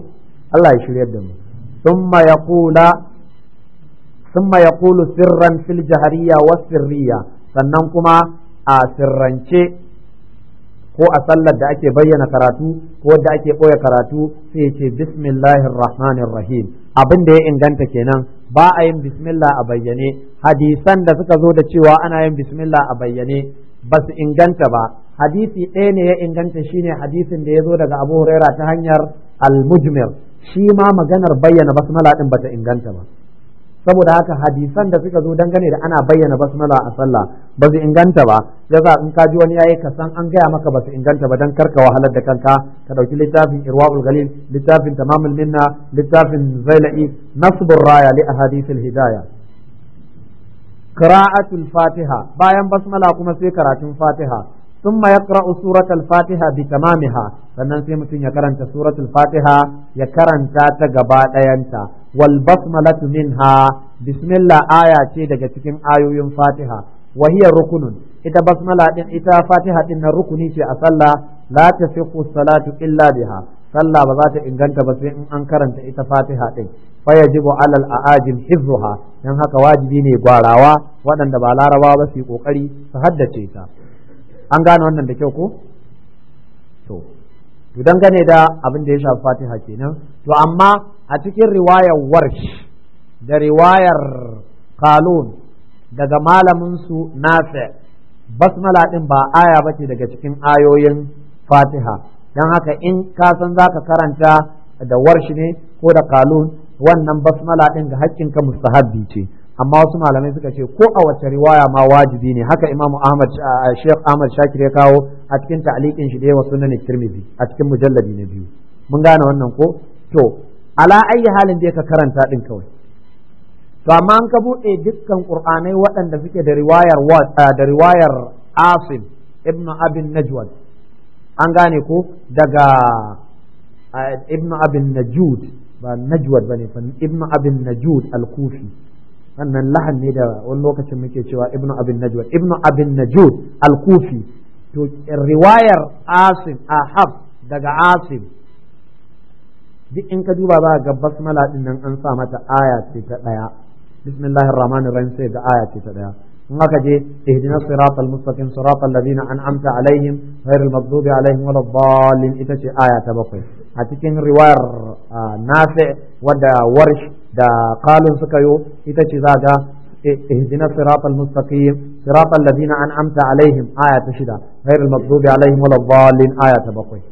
Allah ya shiryar da mu Sun yaqula summa yaqulu sirran fil wa was sannan kuma a sirrance ko a sallar da ake bayyana karatu ko da ake ɓoye karatu sai ya ce bismillahir rahmanir rahim abin da ya inganta kenan ba a yin bismillah a bayyane hadisan da suka zo da cewa ana yin bismillah a bayyane ba su inganta ba hadisi ɗaya ne ya inganta shine hadisin da ya zo daga abu huraira ta hanyar al-mujmir shi ma maganar bayyana basmala din bata inganta ba saboda haka hadisan da suka zo dangane da ana bayyana basmala a sallah ba su inganta ba yasa in ka ji wani yayi ka san an gaya maka ba su inganta ba dan karka wahalar da kanka ka dauki littafin irwaul galil littafin tamamul minna littafin zailai nasbur raya li ahadithil hidayah qira'atul fatiha bayan basmala kuma sai karatun fatiha thumma yaqra'u suratul fatiha bitamamiha sannan sai mutum ya karanta suratul fatiha ya karanta ta gaba wal basmalatu minha bismillah aya ce daga cikin ayoyin fatiha wahiyar rukunin, rukunun ita basmala din ita fatiha ɗin na rukuni ce a sallah la tasihu salatu illa biha sallah ba za ta inganta ba sai in an karanta ita fatiha ɗin, fa yajibu alal aajil hifzuha dan haka wajibi ne gwarawa waɗanda ba larabawa ba su yi su haddace ta an gane wannan da kyau ko to dangane da abin da ya shafi fatiha kenan to amma a cikin riwayar warsh da riwayar kalun daga malaminsu nafi basmala ɗin ba aya ba ce daga cikin ayoyin fatiha don haka in ka san za ka karanta da warshi ne ko da kalun wannan basmala ɗin ga ka mustahabbi ce amma wasu malamai suka ce ko a wace riwaya ma wajibi ne haka imam ahmad sheikh ahmad shakir ya kawo a cikin ta'alikin shi da wasu sunan tirmidhi a cikin mujalladi na biyu mun gane wannan ko to ala ayi halin da ka karanta din kawai to amma an ka buɗe dukkan qur'anai waɗanda suke da riwayar ah, da riwayar asim ibnu abin najwad an gane ko daga ah, ibnu abin najud ba najwad bane fa ibnu abin najud al-kufi wannan lahan ne da wani lokacin muke cewa ibnu abin najwad ibnu abin najud al-kufi to riwayar asim ahab daga asim duk in ka duba ba ga basmala din nan an sa mata aya ce ta daya bismillahir rahmanir rahim sai ga aya ce ta daya in aka je ihdinas siratal mustaqim siratal ladina an'amta alaihim ghairil maghdubi alaihim waladdallin ita ce aya ta bakwai a cikin riwayar nafi wadda warsh da qalun suka yo ita ce za ga eh, ihdinas siratal mustaqim siratal ladina an'amta alaihim aya ta shida ghairil maghdubi alaihim waladdallin aya ta bakwai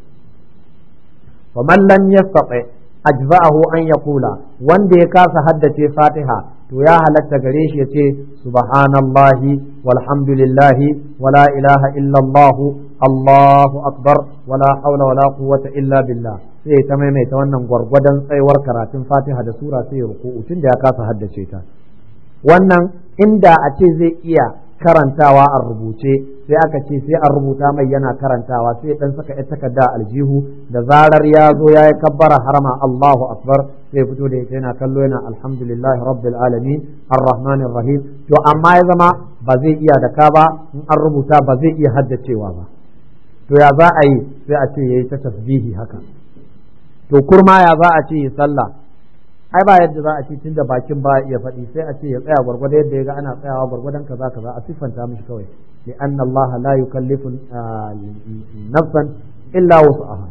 fa man lam yastati ajza'ahu an yaqula wanda ya kasa haddace fatiha to ya halatta gare shi ya ce subhanallahi walhamdulillahi wala ilaha illallah allahu akbar wala haula wala quwwata illa billah sai ya ta maimaita wannan gwargwadon tsayuwar karatun fatiha da sura sai ya ruku'u tun da ya kasa haddace ta wannan inda a ce zai iya karantawa a rubuce sai aka ce sai an rubuta mai yana karantawa sai dan saka ya takarda aljihu da zarar ya zo ya yi kabbara harama Allahu akbar sai fito da ita yana kallo yana alhamdulillah rabbil alamin arrahmanir rahim to amma ya zama ba zai iya da ka ba in an rubuta ba zai iya haddacewa ba to ya za a yi sai a ce yayi ta tasbihi haka to kurma ya za a ce sallah ai ba yadda za a ce tun da bakin ba ya faɗi sai a ce ya tsaya gwargwado yadda ya ga ana tsayawa gwargwadon kaza kaza a siffanta mishi kawai لأن الله لا يكلف نفسا إلا وسعها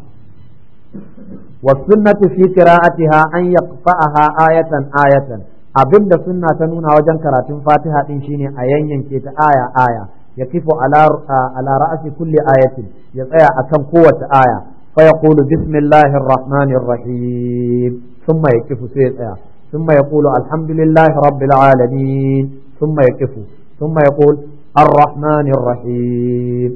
والسنة في قراءتها أن يقفأها آية آية abin da sunna ta nuna wajen karatun fatiha din shine a yanke ta aya aya ya kifo ala ra'asi kulli ayatin ya tsaya akan kowace aya fa yaqulu bismillahir rahmanir rahim thumma yakifu sai ya tsaya thumma yaqulu alhamdulillahi rabbil الرحمن الرحيم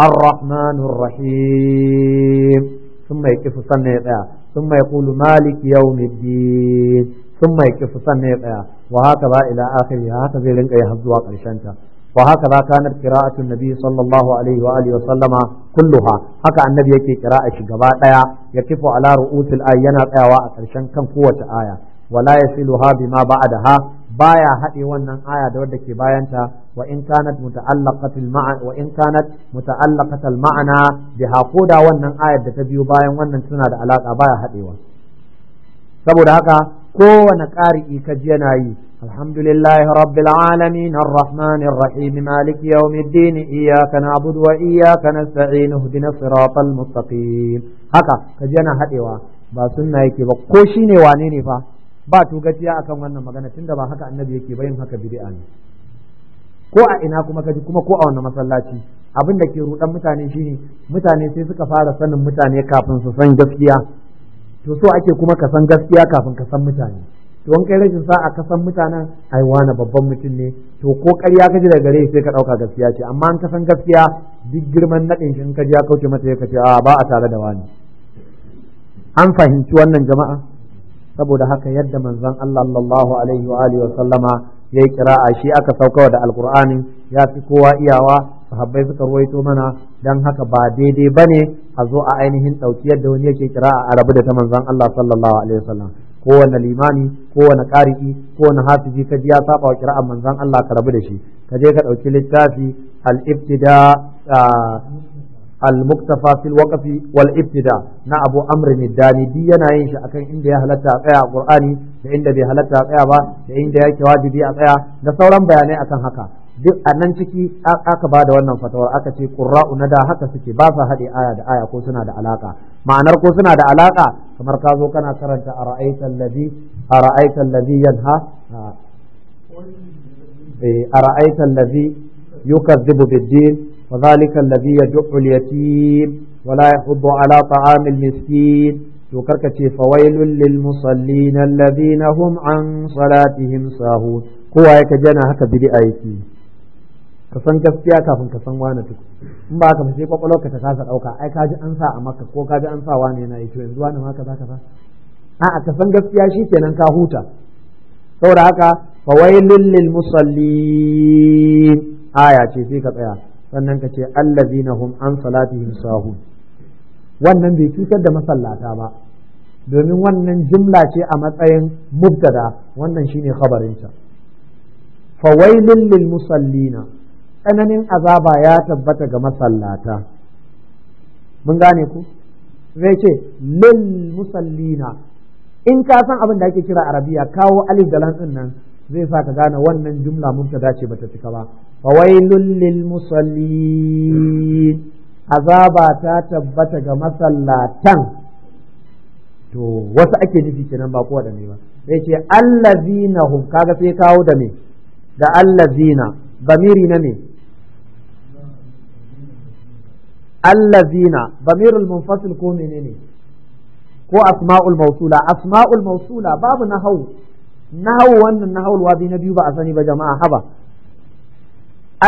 الرحمن الرحيم ثم يكف سنة ثم يقول مالك يوم الدين ثم يكف سنة وهكذا إلى آخرها هكذا لنك يهزوا قرشانتا وهكذا كانت قراءة النبي صلى الله عليه وآله وسلم كلها هكا النبي يكي قراءة شقباء يقف على رؤوس الآية ينار آواء قرشان كم قوة آية ولا يصلها بما بعدها baya haɗe wannan aya da wadda ke bayanta wa in kanat muta'allaqatil ma'ana wa in kanat muta'allaqatal ma'ana bi haquda wannan ayar da ta biyo bayan wannan suna da alaka baya haɗewa saboda haka kowane ƙari'i ka ji yana yi alhamdulillahi rabbil alamin arrahmanir rahim maliki yawmiddin iyyaka na'budu wa iyyaka nasta'in ihdinas siratal mustaqim haka ka ji yana haɗewa ba sunna yake ba ko shine wane ne fa ba tugaciya akan wannan magana tunda ba haka annabi yake ba yin haka bid'a ne ko a ina kuma kaji kuma ko a wannan masallaci abin da ke rudan mutane shine mutane sai suka fara sanin mutane kafin su san gaskiya to so ake kuma ka san gaskiya kafin ka san mutane to in kai rashin sa'a ka san mutanen ai wani babban mutum ne to ko ƙarya kaji daga gare sai ka ɗauka gaskiya ce amma in ka san gaskiya duk girman naɗin shi in ka ya kauce mata ya kace a ba a tare da wani an fahimci wannan jama'a saboda haka yadda manzon Allah sallallahu alaihi wa alihi wa sallama yayi kira'a shi aka saukawa da alqur'ani ya fi kowa iyawa sahabbai suka ruwaito mana dan haka ba daidai bane a zo a ainihin dauki yadda wani yake kira'a a rabu da ta manzon Allah sallallahu alaihi wa sallam kowane limani kowane ƙari'i kowane hafizi ka ji ya saba wa kira'an manzon Allah ka rabu da shi ka je ka dauki littafi al-ibtida ah, al-muktafa fil wal ibtida na abu amr niddani yana yin shi akan inda ya halatta a tsaya a qur'ani da inda bai halatta a tsaya ba da inda yake wajibi a tsaya da sauran bayanai akan haka duk a nan ciki aka ba da wannan fatawar aka ce ƙurra'u nada da haka suke ba sa haɗe aya da aya ko suna da alaƙa ma'anar ko suna da alaƙa kamar ka zo kana karanta a ra'aitan lazi a ra'aitan lazi yanha a yukazzibu biddin وذلك الذي يدع اليتيم ولا يحض على طعام المسكين وكركتي فويل للمصلين الذين هم عن صلاتهم ساهون kowa ya kaje na haka bid'a yake ka san gaskiya kafin ka san wani tuku in ba ka sai kwakwalwar ta kasa dauka ai ka ji an sa a maka ko ka ji an sa wani yana yi to yanzu wani ma kaza kaza a'a ka san gaskiya ka huta saboda haka fawailul lil ce sai ka tsaya sannan ka ce allazina an salatihim sahun wannan bai cutar da masallata ba domin wannan jumla ce a matsayin mubtada wannan shine khabarinta fawailin lil musallina tsananin azaba ya tabbata ga masallata mun gane ku zai ce lil musallina in ka san abin da ake kira arabiya kawo alif da lam nan zai sa ka gane wannan jumla mubtada ce bata cika ba fawailun lil musallin azaba ta tabbata ga masallatan to wasu ake nufi kenan ba kowa da me ba sai ce allazina hum kaga sai kawo da me da allazina bamiri na me allazina bamirul munfasil ko menene ko asma'ul mawsula asma'ul mawsula babu nahau nahau wannan nahawul wa na biyu ba a sani ba jama'a haba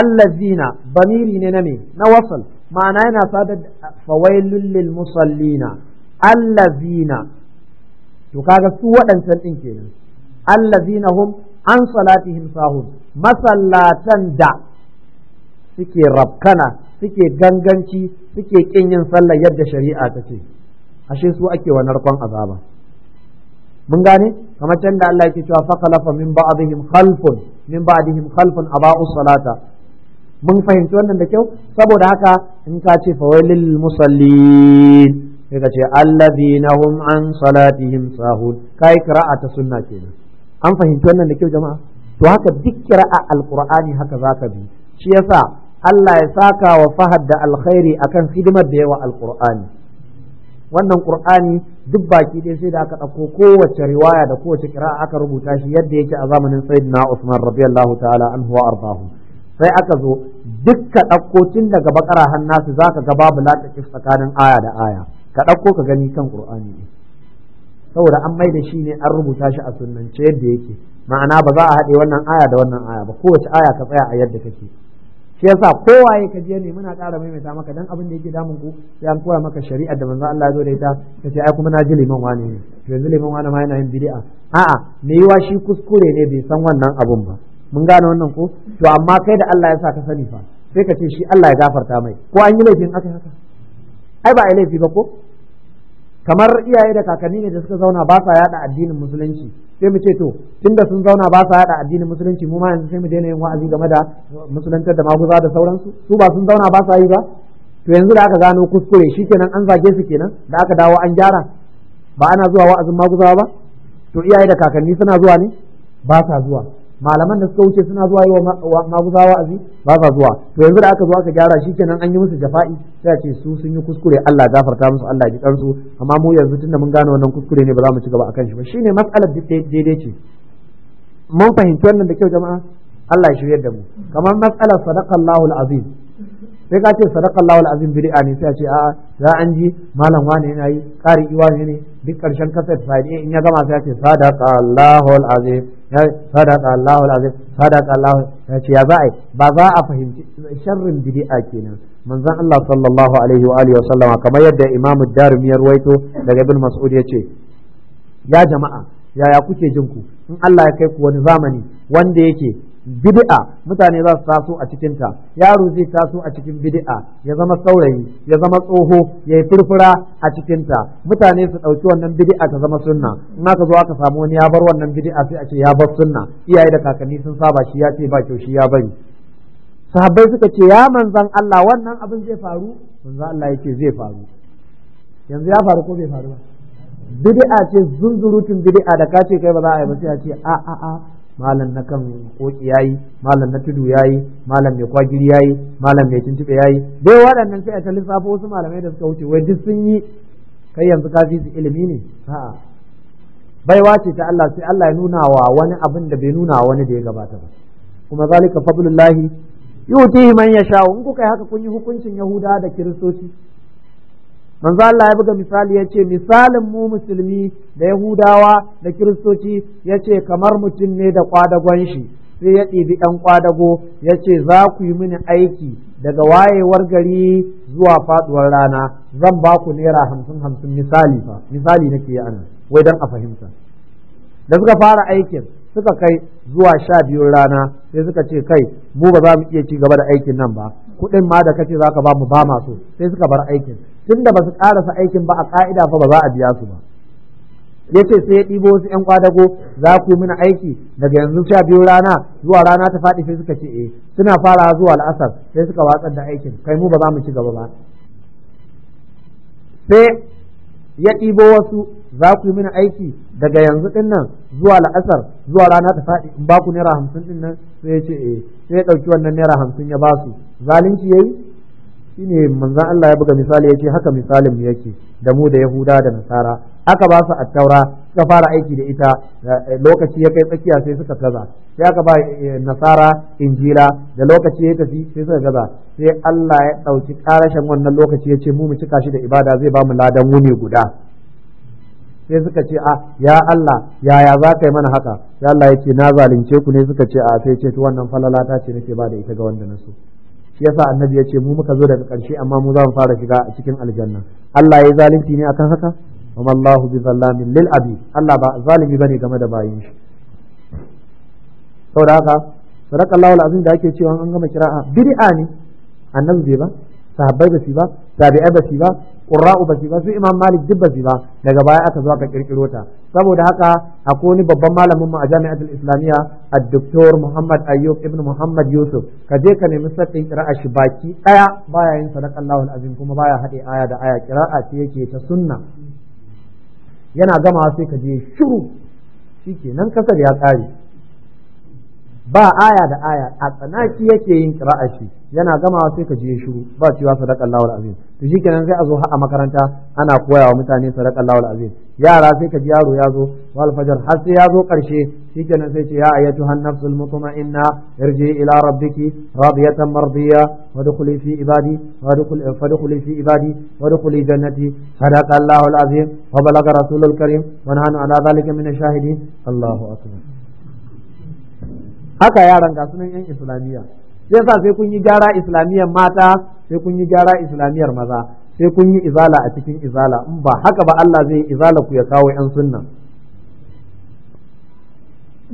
allazina bamiri ne na me na wasal ma'ana yana sadar fawailul lil musallina allazina to kaga su waɗancan ɗin kenan allazina hum an salatihim sahun masallatan da suke rabkana suke ganganci suke ƙin yin sallar yadda shari'a ta ce ashe su ake wa narkon azaba mun gane kamar can da Allah yake cewa faqalafa min ba'dihim khalfun min ba'dihim khalfun aba'u salata mun fahimci wannan da kyau saboda haka in ka ce fawailil musallin sai ka ce allazina hum an salatihim sahun kai qira'a ta sunna kenan an fahimci wannan da kyau jama'a to haka duk qira'a alqur'ani haka zaka bi shi yasa Allah ya saka wa Fahad da alkhairi akan hidimar da yawa alqur'ani wannan qur'ani duk baki dai sai da aka ɗauko kowace riwaya da kowace kira'a aka rubuta shi yadda yake a zamanin sayyidina Usman radiyallahu ta'ala anhu wa ardahu sai aka zo dukka ɗakkocin daga bakara hannasu za ka ga babu latakif tsakanin aya da aya ka ɗauko ka gani kan ƙur'ani ne saboda an mai da shi ne an rubuta shi a sunnance yadda yake ma'ana ba za a haɗe wannan aya da wannan aya ba kowace aya ka tsaya a yadda kake shi yasa kowaye ka je ne muna ƙara maimaita maka dan abin da yake damun ku sai an koya maka shari'ar da manzo Allah ya zo da ita kace ai kuma na ji liman wane ne yanzu liman wane ma yana yin bid'a a'a me yiwa shi kuskure ne bai san wannan abun ba mun gane wannan ko to amma kai da Allah ya sa ka sani fa sai ka ce shi Allah ya gafarta mai ko an yi laifin aka haka ai ba a yi laifi ba ko kamar iyaye da kakanni ne da suka zauna ba sa yada addinin musulunci sai mu ce to tunda sun zauna ba sa yada addinin musulunci mu ma yanzu sai mu daina yin wa'azi game da musulantar da maguza da sauransu su ba sun zauna ba sa yi ba to yanzu da aka gano kuskure shikenan an zage su kenan da aka dawo an gyara ba ana zuwa wa'azin maguzawa ba to iyaye da kakanni suna zuwa ne ba sa zuwa malaman da suka wuce suna zuwa yi wa maguza wa'azi ba sa zuwa to yanzu da aka zo aka gyara shi kenan an yi musu jafa'i sai a ce su sun yi kuskure Allah gafarta musu Allah ji kansu amma mu yanzu tunda mun gane wannan kuskure ne ba za mu ci gaba akan shi ba shine matsalar daidai ce mun fahimci wannan da kyau jama'a Allah ya shiryar da mu kamar matsalar Allahul azim sai ka ce Allahul azim bid'a ne sai a ce a'a za an ji malam wani yana yi ƙari iwa ne duk ƙarshen kasar sai in ya gama sai a ce Allahul azim sadaka Allahu alazim sadaka Allahu ya ce ya za a ba za a fahimci sharrin bid'a kenan manzon Allah sallallahu alaihi wa alihi kamar yadda Imam Darimi ya ruwaito daga Ibn Mas'ud ya ce ya jama'a yaya kuke jin ku in Allah ya kai ku wani zamani wanda yake bid'a mutane za su taso a cikinta yaro zai taso a cikin bid'a ya zama saurayi ya zama tsoho ya yi furfura a cikinta mutane su ɗauki wannan bid'a ta zama sunna in aka zo aka samu wani ya bar wannan bid'a sai a ce ya bar sunna iyaye da kakanni sun saba shi ya ce ba kyau shi ya bari sahabbai suka ce ya manzan Allah wannan abin zai faru manzan Allah ya ce zai faru yanzu ya faru ko bai faru ba bid'a ce zunzurutun bid'a da ka ce kai ba za a yi ba sai a ce a a a malam na kan koki yayi malam na tudu yayi malam mai kwagiri yayi malam mai tuntube yayi dai waɗannan sai a ta lissafa wasu malamai da suka wuce wai duk sun yi kai yanzu ka fi ilimi ne a'a baiwa ce ta Allah sai Allah ya nuna wa wani abin da bai nuna wa wani da ya gabata ba kuma zalika fadlullahi yutihi man yasha'u in kuka yi haka kun yi hukuncin yahuda da kiristoci manzo Allah ya buga misali yace misalin mu musulmi da yahudawa da kiristoci yace kamar mutum ne da kwadagon shi sai ya ɗibi ɗan kwadago yace za ku yi mini aiki daga wayewar gari zuwa faɗuwar rana zan ba ku naira hamsin hamsin misali fa misali nake yi ana wai dan a fahimta da suka fara aikin suka kai zuwa sha biyun rana sai suka ce kai mu ba za mu iya ci gaba da aikin nan ba kuɗin ma da kace za ka ba mu ba masu sai suka bar aikin tunda ba su karasa aikin ba a ka'ida fa ba za a biya su ba ya ce sai ya ɗibo wasu yan kwadago za ku mini aiki daga yanzu sha biyu rana zuwa rana ta faɗi sai suka ce eh suna fara zuwa al'asar sai suka watsar da aikin kai mu ba za mu ci gaba ba sai ya ɗibo wasu za ku mini aiki daga yanzu ɗin nan zuwa la'asar zuwa rana ta faɗi in ba ku naira hamsin ɗin nan sai ya ce eh sai ya ɗauki wannan naira hamsin ya ba su zalunci ya yi. shine manzon Allah ya buga misali ya ce haka misalin yake da mu da Yahuda da Nasara aka ba su attaura suka fara aiki da ita eh, lokaci ya kai tsakiya sai suka gaza sai aka ba eh, nasara injila da lokaci ya tafi sai suka gaza sai Allah ya ɗauki ƙarashin wannan lokaci ya ce mu mu cika shi da ibada zai ba mu ladan wuni guda sai suka ce a ah, ya Allah yaya za ka yi mana haka sai Allah ya ce na zalunce ku ne suka ce a ah, sai ce wannan ta ce nake ba da ita ga wanda na so shi yasa annabi ya ce mu muka zo daga ƙarshe amma mu za mu fara shiga a cikin aljanna Allah ya yi zalunci ne akan haka wa Allahu bi zallamin lil abi Allah ba zalimi bane game da bayin shi saboda haka lawal alazim da ake cewa an gama kira'a bid'a ne annabi bai ba sahabbai ba su ba tabi'ai ba su ba Ƙurra'u ba ba su imam malik duk ba ba daga baya aka zo aka kirkiro ta saboda haka akwai wani babban malamin mu a jami'atul islamiyya a doktor muhammad ayyub ibn muhammad yusuf ka je ka nemi sattin kira'a shi baki ɗaya baya yin sadaka allahu azim kuma baya hade aya da aya ƙira'a ce yake ta sunna yana gamawa sai ka je shiru kenan kasar ya kare ba aya da aya a tsanaki yake yin qira'a shi yana gamawa sai ka je shiru ba cewa sadaqallahu alazim to shikenan sai a zo a makaranta ana koya wa mutane sadaqallahu alazim yara sai ka ji yaro ya zo wal fajr har sai ya zo karshe shi kenan sai ce ya ayyatuhan nafsul mutma'inna irji ila rabbiki radiyatan mardiya wadkhuli fi ibadi wadkhuli fadkhuli fi ibadi wadkhuli jannati sadaqallahu alazim wa balagha rasulul karim wa nahnu ala dhalika min ash-shahidin allahu akbar haka yaran ga sunan yan islamiyya sai sa sai kun yi gyara islamiyyar mata sai kun yi gyara islamiyyar maza sai kun yi izala a cikin izala in ba haka ba Allah zai izala ku ya kawo yan sunna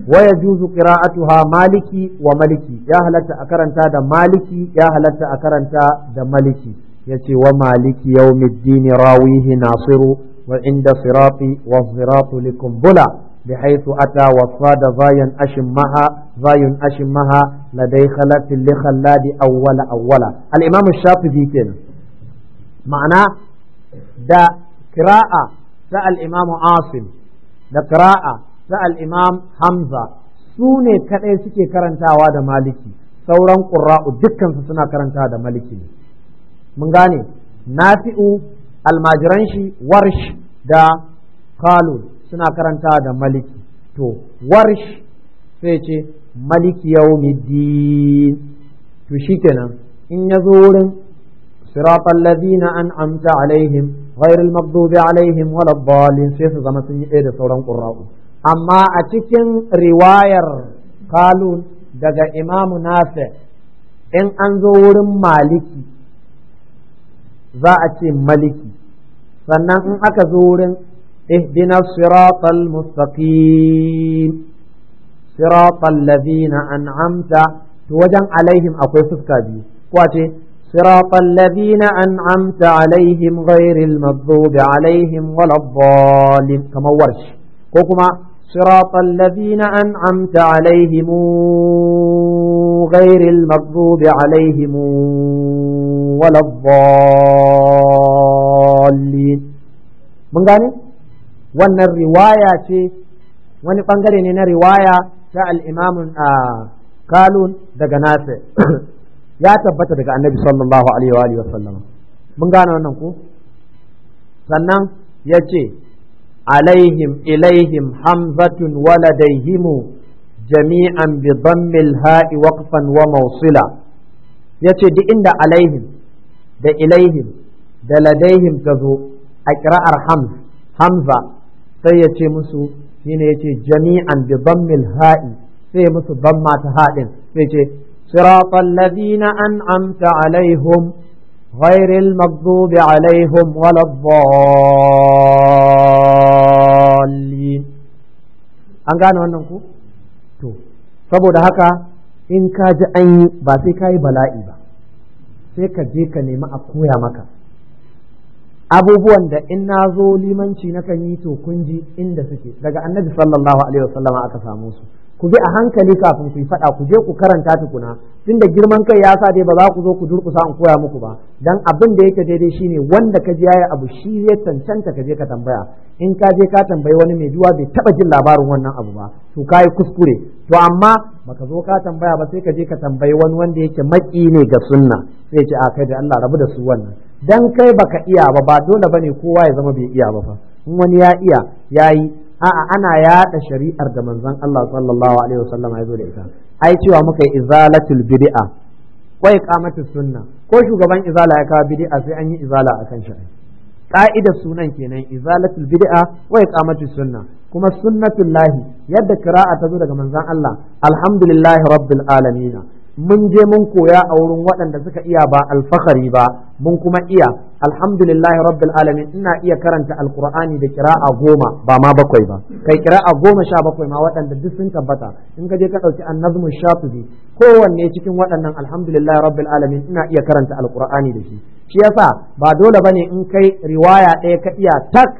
waya juzu qira'atuha maliki wa maliki ya halatta a karanta da maliki ya halatta a karanta da maliki yace wa maliki yawmiddin rawihi nasiru wa inda sirati wa siratu likum bula بحيث أتى وصاد ظاين أشمها ظاين أشمها لدي خلات لخلاد أول أولا الإمام الشافعي كان معنى دا قراءة دا الإمام عاصم دا قراءة دا الإمام حمزة سوني كأي سكي كرنتا وادا مالكي sauran ƙura'u dukkansu suna karanta da maliki ne mun gane nafi'u almajiran shi warsh da khalud suna karanta da maliki to warsh sai ce maliki yawmiddin to shikenan in ya zo wurin siratal ladina an'amta alaihim ghairul maghdubi alaihim waladdallin sai su zama sun yi ɗaya da sauran qurra'u amma a cikin riwayar kalun daga imamu nafi in an zo wurin maliki za ce maliki sannan in aka zo wurin اهدنا الصراط المستقيم صراط الذين أنعمت توجن عليهم أقول سفكا واتي صراط الذين أنعمت عليهم غير المغضوب عليهم ولا الضالين كما ورش كوكما صراط الذين أنعمت عليهم غير المغضوب عليهم ولا الضالين من قال wannan riwaya ce wani bangare ne na riwaya ta al'imamun a kalun daga nasir ya tabbata daga annabi sallallahu alaihi wa sallam mun gane wannan ku sannan ya ce alaihim ilaihim hamzatun waladaihimu jami'an bi dammil ha'i waqfan wa mawsila yace duk inda alaihim da ilaihim da ladaihim ta zo a kira'ar hamza sai ya ce musu shi ne ya ce jami'an bi mil ha'i sai ya musu ban mata haɗin sai ce siratal ladina an'amta alaihim ghairil maghdubi alaihim waladdallin an gane wannan ku to saboda haka in ka ji an yi ba sai ka yi bala'i ba sai ka je ka nemi a koya maka abubuwan da in na zo limanci na kan yi to kun ji inda suke daga annabi sallallahu alaihi wasallam aka samu su ku bi a hankali kafin ku yi faɗa ku je ku karanta tukuna tunda girman kai ya sa dai ba za ku zo ku durƙusa in koya muku ba dan abin da yake daidai shine wanda ka ji yayi abu shi ya cancanta ka je ka tambaya in ka je ka tambayi wani mai zuwa bai taba jin labarin wannan abu ba to kai kuskure to amma baka zo ka tambaya ba sai ka je ka tambayi wani wanda yake maki ne ga sunna sai ce a kai da Allah rabu da su wannan dan kai baka iya ba ba dole bane kowa ya zama bai iya ba fa in wani ya iya yayi a'a ana yada shari'ar da manzon Allah sallallahu alaihi wasallam ya zo da ita ai cewa muka yi izalatul bid'a wa iqamatus sunna ko shugaban izala ya kawo bid'a sai an yi izala akan shi ka'idar sunan kenan izalatul bid'a wai iqamatus sunna kuma sunnatullahi yadda kira'a ta zo daga manzon Allah alhamdulillahi rabbil alamin mun je mun koya a wurin waɗanda suka iya ba alfahari ba mun kuma iya alhamdulillah rabbil alamin ina iya karanta alqur'ani da kira'a goma ba ma bakwai ba kai kira'a goma sha bakwai ma waɗanda duk sun tabbata in ka je ka ɗauki annazmu shafi'i kowanne cikin waɗannan alhamdulillah rabbil alamin ina iya karanta alqur'ani da shi shi yasa ba dole bane in kai riwaya ɗaya ka iya tak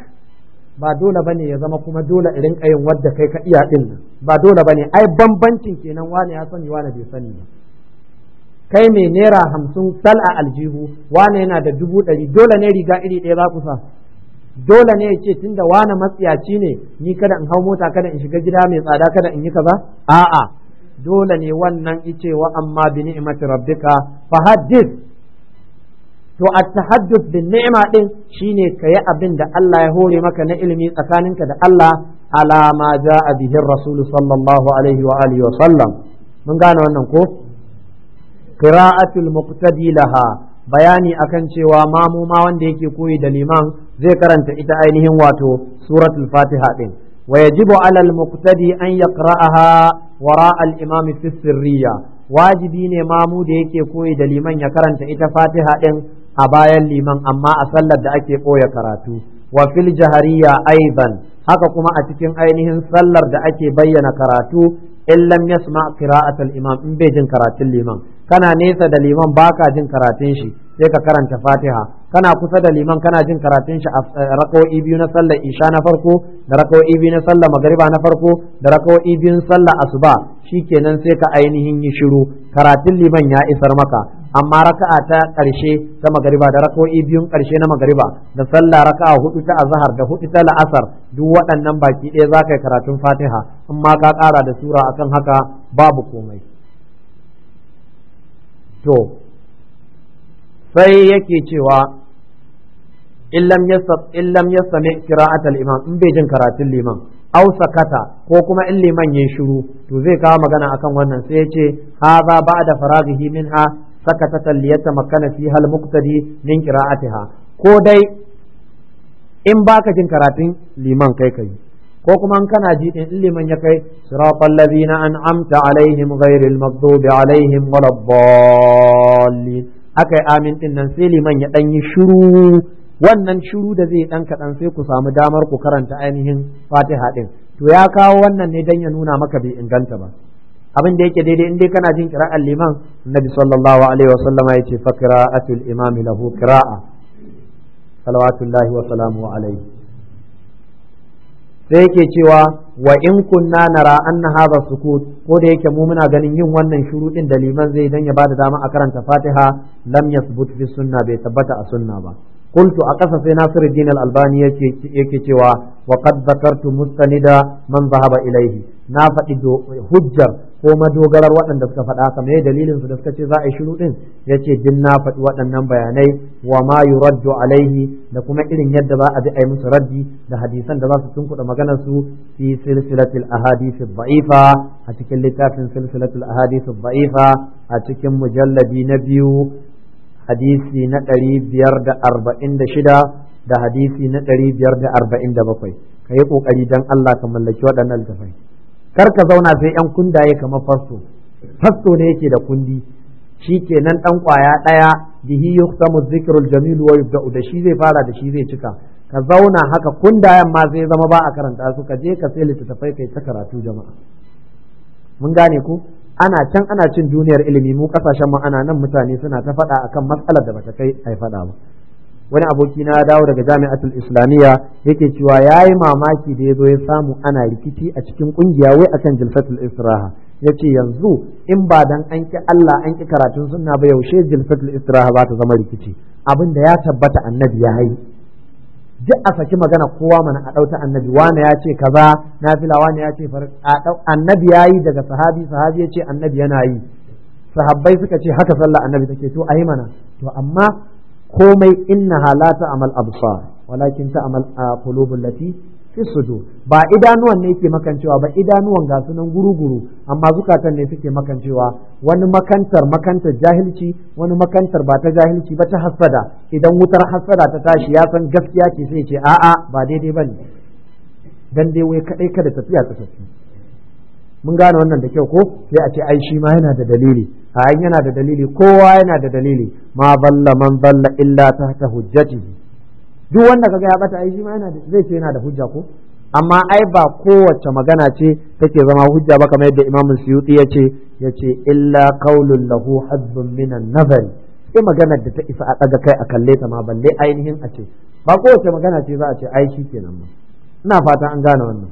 ba dole bane ya zama kuma dole irin yin wadda kai ka iya din ba dole bane ai bambancin kenan wani ya sani wani bai sani ba kai mai naira hamsin sal a aljihu wane yana da dubu ɗari dole ne riga iri ɗaya za ku sa dole ne ya ce tun da wane matsiyaci ne ni kada in hau mota kada in shiga gida mai tsada kada in yi kaza a'a dole ne wannan ice wa amma bi ni'mati rabbika fa haddith to at-tahadduth bin ni'ma din shine kayi abin da Allah ya hore maka na ilimi tsakaninka da Allah ala ma jaa bihi rasul sallallahu alaihi wa alihi wa sallam mun gane wannan ko qira'atul muqtadi laha bayani akan cewa mamuma wanda yake koyi da liman zai karanta ita ainihin wato suratul fatiha din wa alal muqtadi an yaqra'aha wara al imam fi sirriya wajibi ne mamu da yake koyi da liman ya karanta ita fatiha din a bayan liman amma a sallar da ake koya karatu wa fil jahariya aidan haka kuma a cikin ainihin sallar da ake bayyana karatu in lam yasma qira'atul imam in bai jin karatun liman kana nesa da liman baka jin karatun shi sai ka karanta fatiha kana kusa da liman kana jin karatun shi a eh, rako'i biyu na sallar isha na farko da rako'i biyu na sallar magariba na farko da rako'i na sallar asuba shikenan sai ka ainihin yi shiru karatun liman ya isar maka amma raka'a ta ƙarshe ta magariba da rako'i biyun ƙarshe na magariba da sallah raka'a hudu ta azhar da hudu ta la'asar duk waɗannan baki ɗaya za ka yi karatun fatiha amma ka ƙara da sura akan haka babu komai to sai yake cewa in lam sami qira'at al-imam in bai jin karatun liman aw sakata ko kuma in liman yayi shiru to zai kawo magana akan wannan sai yace hadha ba'da faraghihi minha sakatatan liyatamakkana fi hal muqtadi min qira'atiha ko dai in baka jin karatun liman kai kai ko kuma in kana ji din liman ya kai siratal ladina an'amta alaihim ghairil maghdubi alaihim waladdallin akai amin din nan sai liman ya dan yi shiru wannan shiru da zai dan kadan sai ku samu damar ku karanta ainihin Fatiha din to ya kawo wannan ne dan ya nuna maka bai inganta ba abin da yake daidai in dai kana jin qira'an liman annabi sallallahu alaihi wasallam ya ce fa qira'atul imam lahu qira'a salawatullahi wa salamu alaihi sai yake cewa wa in kunna nara anna hadha sukut ko da yake mu muna ganin yin wannan shuru din da liman zai dan ya bada dama a karanta Fatiha lam yathbut bi sunna bai tabbata a sunna ba qultu a ƙasa sai Nasiruddin Al-Albani yake yake cewa wa qad dhakartu mustanida man zahaba ilaihi na faɗi hujjar ko madogarar waɗanda suka faɗa haka me dalilin su da suka ce za a yi shiru din yace din na faɗi waɗannan bayanai wa ma yuraddu alaihi da kuma irin yadda za a bi a yi musu raddi da hadisan da za su tunkuɗa maganar su fi silsilatil ahadith da'ifa a cikin littafin silsilatil ahadith ba'ifa a cikin mujalladi na biyu hadisi na ɗari biyar da arba'in da shida da hadisi na ɗari biyar da arba'in da bakwai ka yi ƙoƙari don Allah ka mallaki waɗannan littafai kar ka zauna sai yan ya kamar fasto fasto ne yake da kundi shi kenan ɗan kwaya ɗaya bihi yuqtamu dhikrul Jamilu wa yubda'u da shi zai fara da shi zai cika ka zauna haka kunda ma zai zama ba a karanta su ka je ka sai littattafai kai ta karatu jama'a mun gane ku ana can ana cin duniyar ilimi mu kasashen mu nan mutane suna ta faɗa akan matsalar da bata kai ai faɗa ba wani aboki na dawo daga jami'atul islamiyya yake cewa yayi mamaki da yazo ya samu ana rikici a cikin kungiya wai akan jilsatul istiraha yace yanzu in ba dan an ki Allah an ki karatun sunna ba yaushe jilsatul israha ba ta zama rikici abin da ya tabbata annabi ya yi duk a saki magana kowa mana a ɗauta annabi wani ya ce kaza nafila wani ya ce annabi ya yi daga sahabi sahabi ya ce annabi yana yi sahabbai suka ce haka sallah annabi take to a yi mana to amma komai inna halata amal absar walakin ta a kulubun lati fi sudur ba idanuwan ne ke makancewa ba idanuwan ga sunan guru amma zukatan ne suke makancewa wani makantar makantar jahilci wani makantar ba ta jahilci ba ta hassada idan wutar hassada ta tashi ya san gaskiya ce sai ce a'a ba daidai bane dan dai wai kadai kada tafiya ta tafi mun gane wannan da kyau ko sai a ce ai shi ma yana da dalili a yana da dalili kowa yana da dalili ma balla man balla illa ta ta hujjatihi duk wanda kaga ya bata ai shi ma yana zai ce yana da hujja ko amma ai ba kowace magana ce take zama hujja ba kamar yadda imamu Suyuti ya ce yace illa qaulun lahu hazzun minan nazari sai maganar da ta isa a ɗaga kai a kalle ta ma balle ainihin a ce ba kowace magana ce za a ce ai shi kenan ba ina fata an gane wannan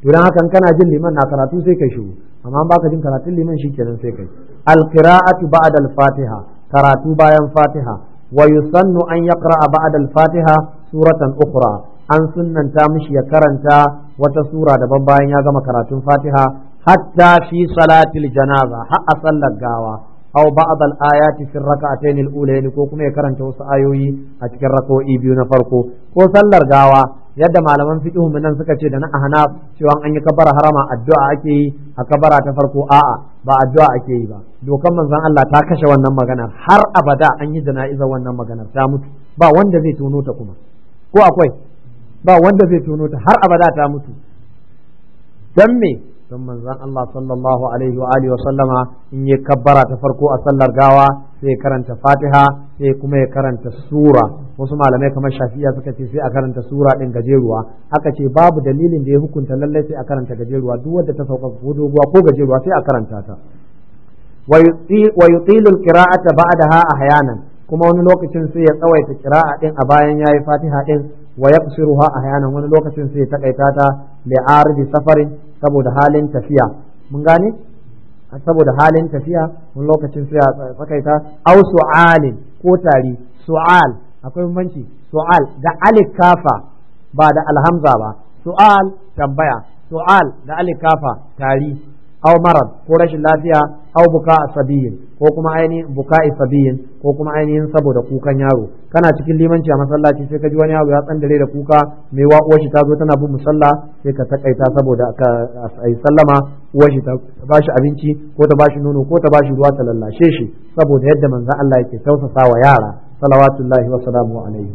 to dan hakan kana jin liman na karatu sai kai shiru amma ba ka jin karatun liman shi kenan sai kai al qira'atu ba'da al fatiha karatu bayan fatiha wa yusannu an yaqra'a ba'da al-fatiha suratan ukhra an sunnanta mishi ya karanta wata sura daban bayan ya gama karatun fatiha hatta fi salatil janaza har a sallar gawa أو ko kuma ya karanta wasu ayoyi a cikin آيوي biyu na farko, ko sallar gawa. yadda malaman fiqhu nan suka ce da na ahnaf cewa an yi kabara harama addu'a ake yi a kabara ta farko a'a ba addu'a ake yi ba dokan manzon Allah ta kashe wannan maganar har abada an yi jana'izar wannan maganar ta mutu ba wanda zai tono ta kuma ko akwai ba wanda zai tono ta har abada ta mutu dan me don manzon Allah sallallahu alaihi wa alihi wa sallama in yi kabbara ta farko a sallar gawa sai karanta Fatiha sai kuma ya karanta sura wasu malamai kamar shafiya suka ce sai a karanta sura ɗin gajeruwa aka ce babu dalilin da ya hukunta lallai sai a karanta gajeruwa duk wadda ta sauka ko doguwa ko gajeruwa sai a karanta ta wa yutilu alqira'ata ba'daha ahyanan kuma wani lokacin sai ya tsawaita qira'a din a bayan yayi fatiha din wa yaqsiruha ahyanan wani lokacin sai ya takaita ta li'aridi safari saboda halin tafiya mun gane saboda halin tafiya wani lokacin sai ya tsakaita au su'alin ko tari su'al akwai bambanci su'al da alif kafa ba da alhamza ba su'al tambaya su'al da alif kafa tari aw مرض ko rashin lafiya au بكاء sabiyin ko kuma ainihin buka sabiyin ko kuma ainihin saboda kukan yaro kana cikin limanci a masallaci sai ka ji wani yaro ya tsandare da kuka mai wa uwar shi ta zo tana bin musalla sai ka takaita saboda ka ai sallama uwar shi ta bashi abinci ko ta bashi nono ko ta bashi ruwa ta lallashe shi saboda yadda manzo Allah yake tausasa wa yara salawatullahi wa salamu alayhi.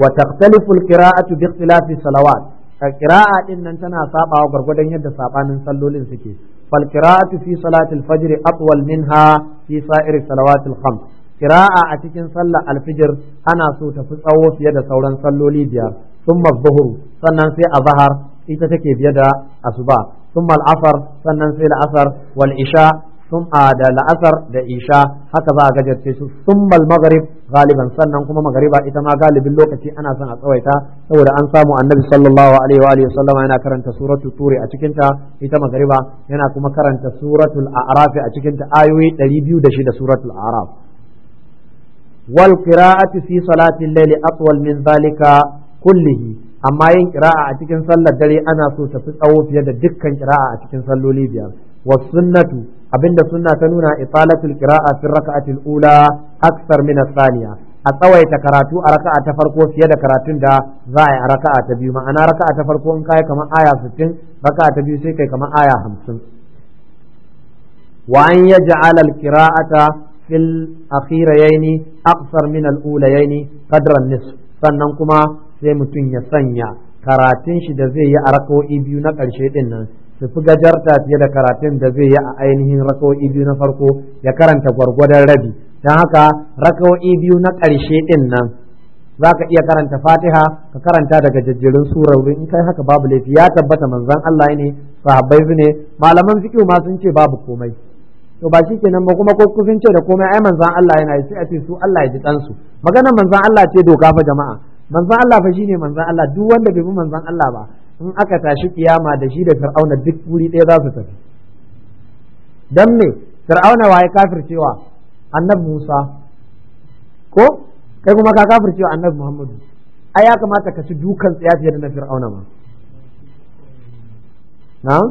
wa taqtalifu alqira'atu bi ikhtilafi salawat qira'a din nan tana sabawa gwargwadon yadda sabanin sallolin suke fal qira'atu fi salatil fajr atwal minha fi iri salawatil khams qira'a a cikin sallar alfijir ana so ta fi tsawo fiye da sauran salloli biyar thumma dhuhru sannan sai a zahar ita take biye da asuba thumma al-asr sannan sai al-asr wal isha sum'a da la'asar da isha haka za a gajarce su summal maghrib galiban sannan kuma magariba ita ma galibin lokaci ana son a tsawaita saboda an samu annabi sallallahu alaihi wa alihi wasallama yana karanta suratul turi a cikin ta ita magariba yana kuma karanta suratul a'raf a cikin ta ayoyi 206 suratul a'raf wal qira'atu fi salati al-layli atwal min zalika kullihi amma yin kira'a a cikin sallar dare ana so ta fi tsawo fiye da dukkan kira'a a cikin salloli biyar wasu sunnatu abinda sunna ta nuna isalatul qira'a fi raka'atil ula aksar min as-thaniya a tsawaita karatu a raka'a ta farko fiye da karatun da za a yi a raka'a ta biyu ma'ana raka'a ta farko in kai kamar aya 60 raka'a ta biyu sai kai kamar aya 50 wa an yaj'al al-qira'ata fil akhirayni aqsar min al ulayni qadran nisf sannan kuma sai mutum ya sanya karatun shi da zai yi a raka'o'i biyu na ƙarshe din nan su fi gajarta fiye da karatun da zai yi a ainihin raka'o'i biyu na farko ya karanta gwargwadon rabi don haka raka'o'i biyu na ƙarshe ɗin nan za ka iya karanta fatiha ka karanta daga jajjirin surori in kai haka babu laifi ya tabbata manzon Allah ne sahabbai su ne malaman fiqh ma sun ce babu komai to ba shi kenan ba kuma ko sun ce da komai ai manzon Allah yana sai a ce su Allah ya ji dan su maganar manzon Allah ce doka fa jama'a manzon Allah fa shine manzon Allah duk wanda bai bi manzon Allah ba in aka tashi kiyama da shi da fir'auna duk wuri ɗaya za su tafi don me fir'auna waye kafircewa annabi musa ko kai kuma ka kafircewa annabi muhammadu ai ya kamata ka ci dukan tsaya fiye da na fir'auna ma na'am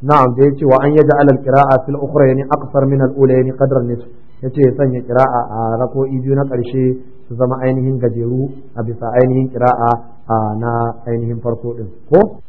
na'am da yace wa an yaj'al al-qira'a fil ukhra yani aqsar min al-ula yani qadra nisf ya ce ya sanya kira'a a rako'i biyu na ƙarshe su zama ainihin gajeru a bisa ainihin kira'a na ainihin farko ɗin ko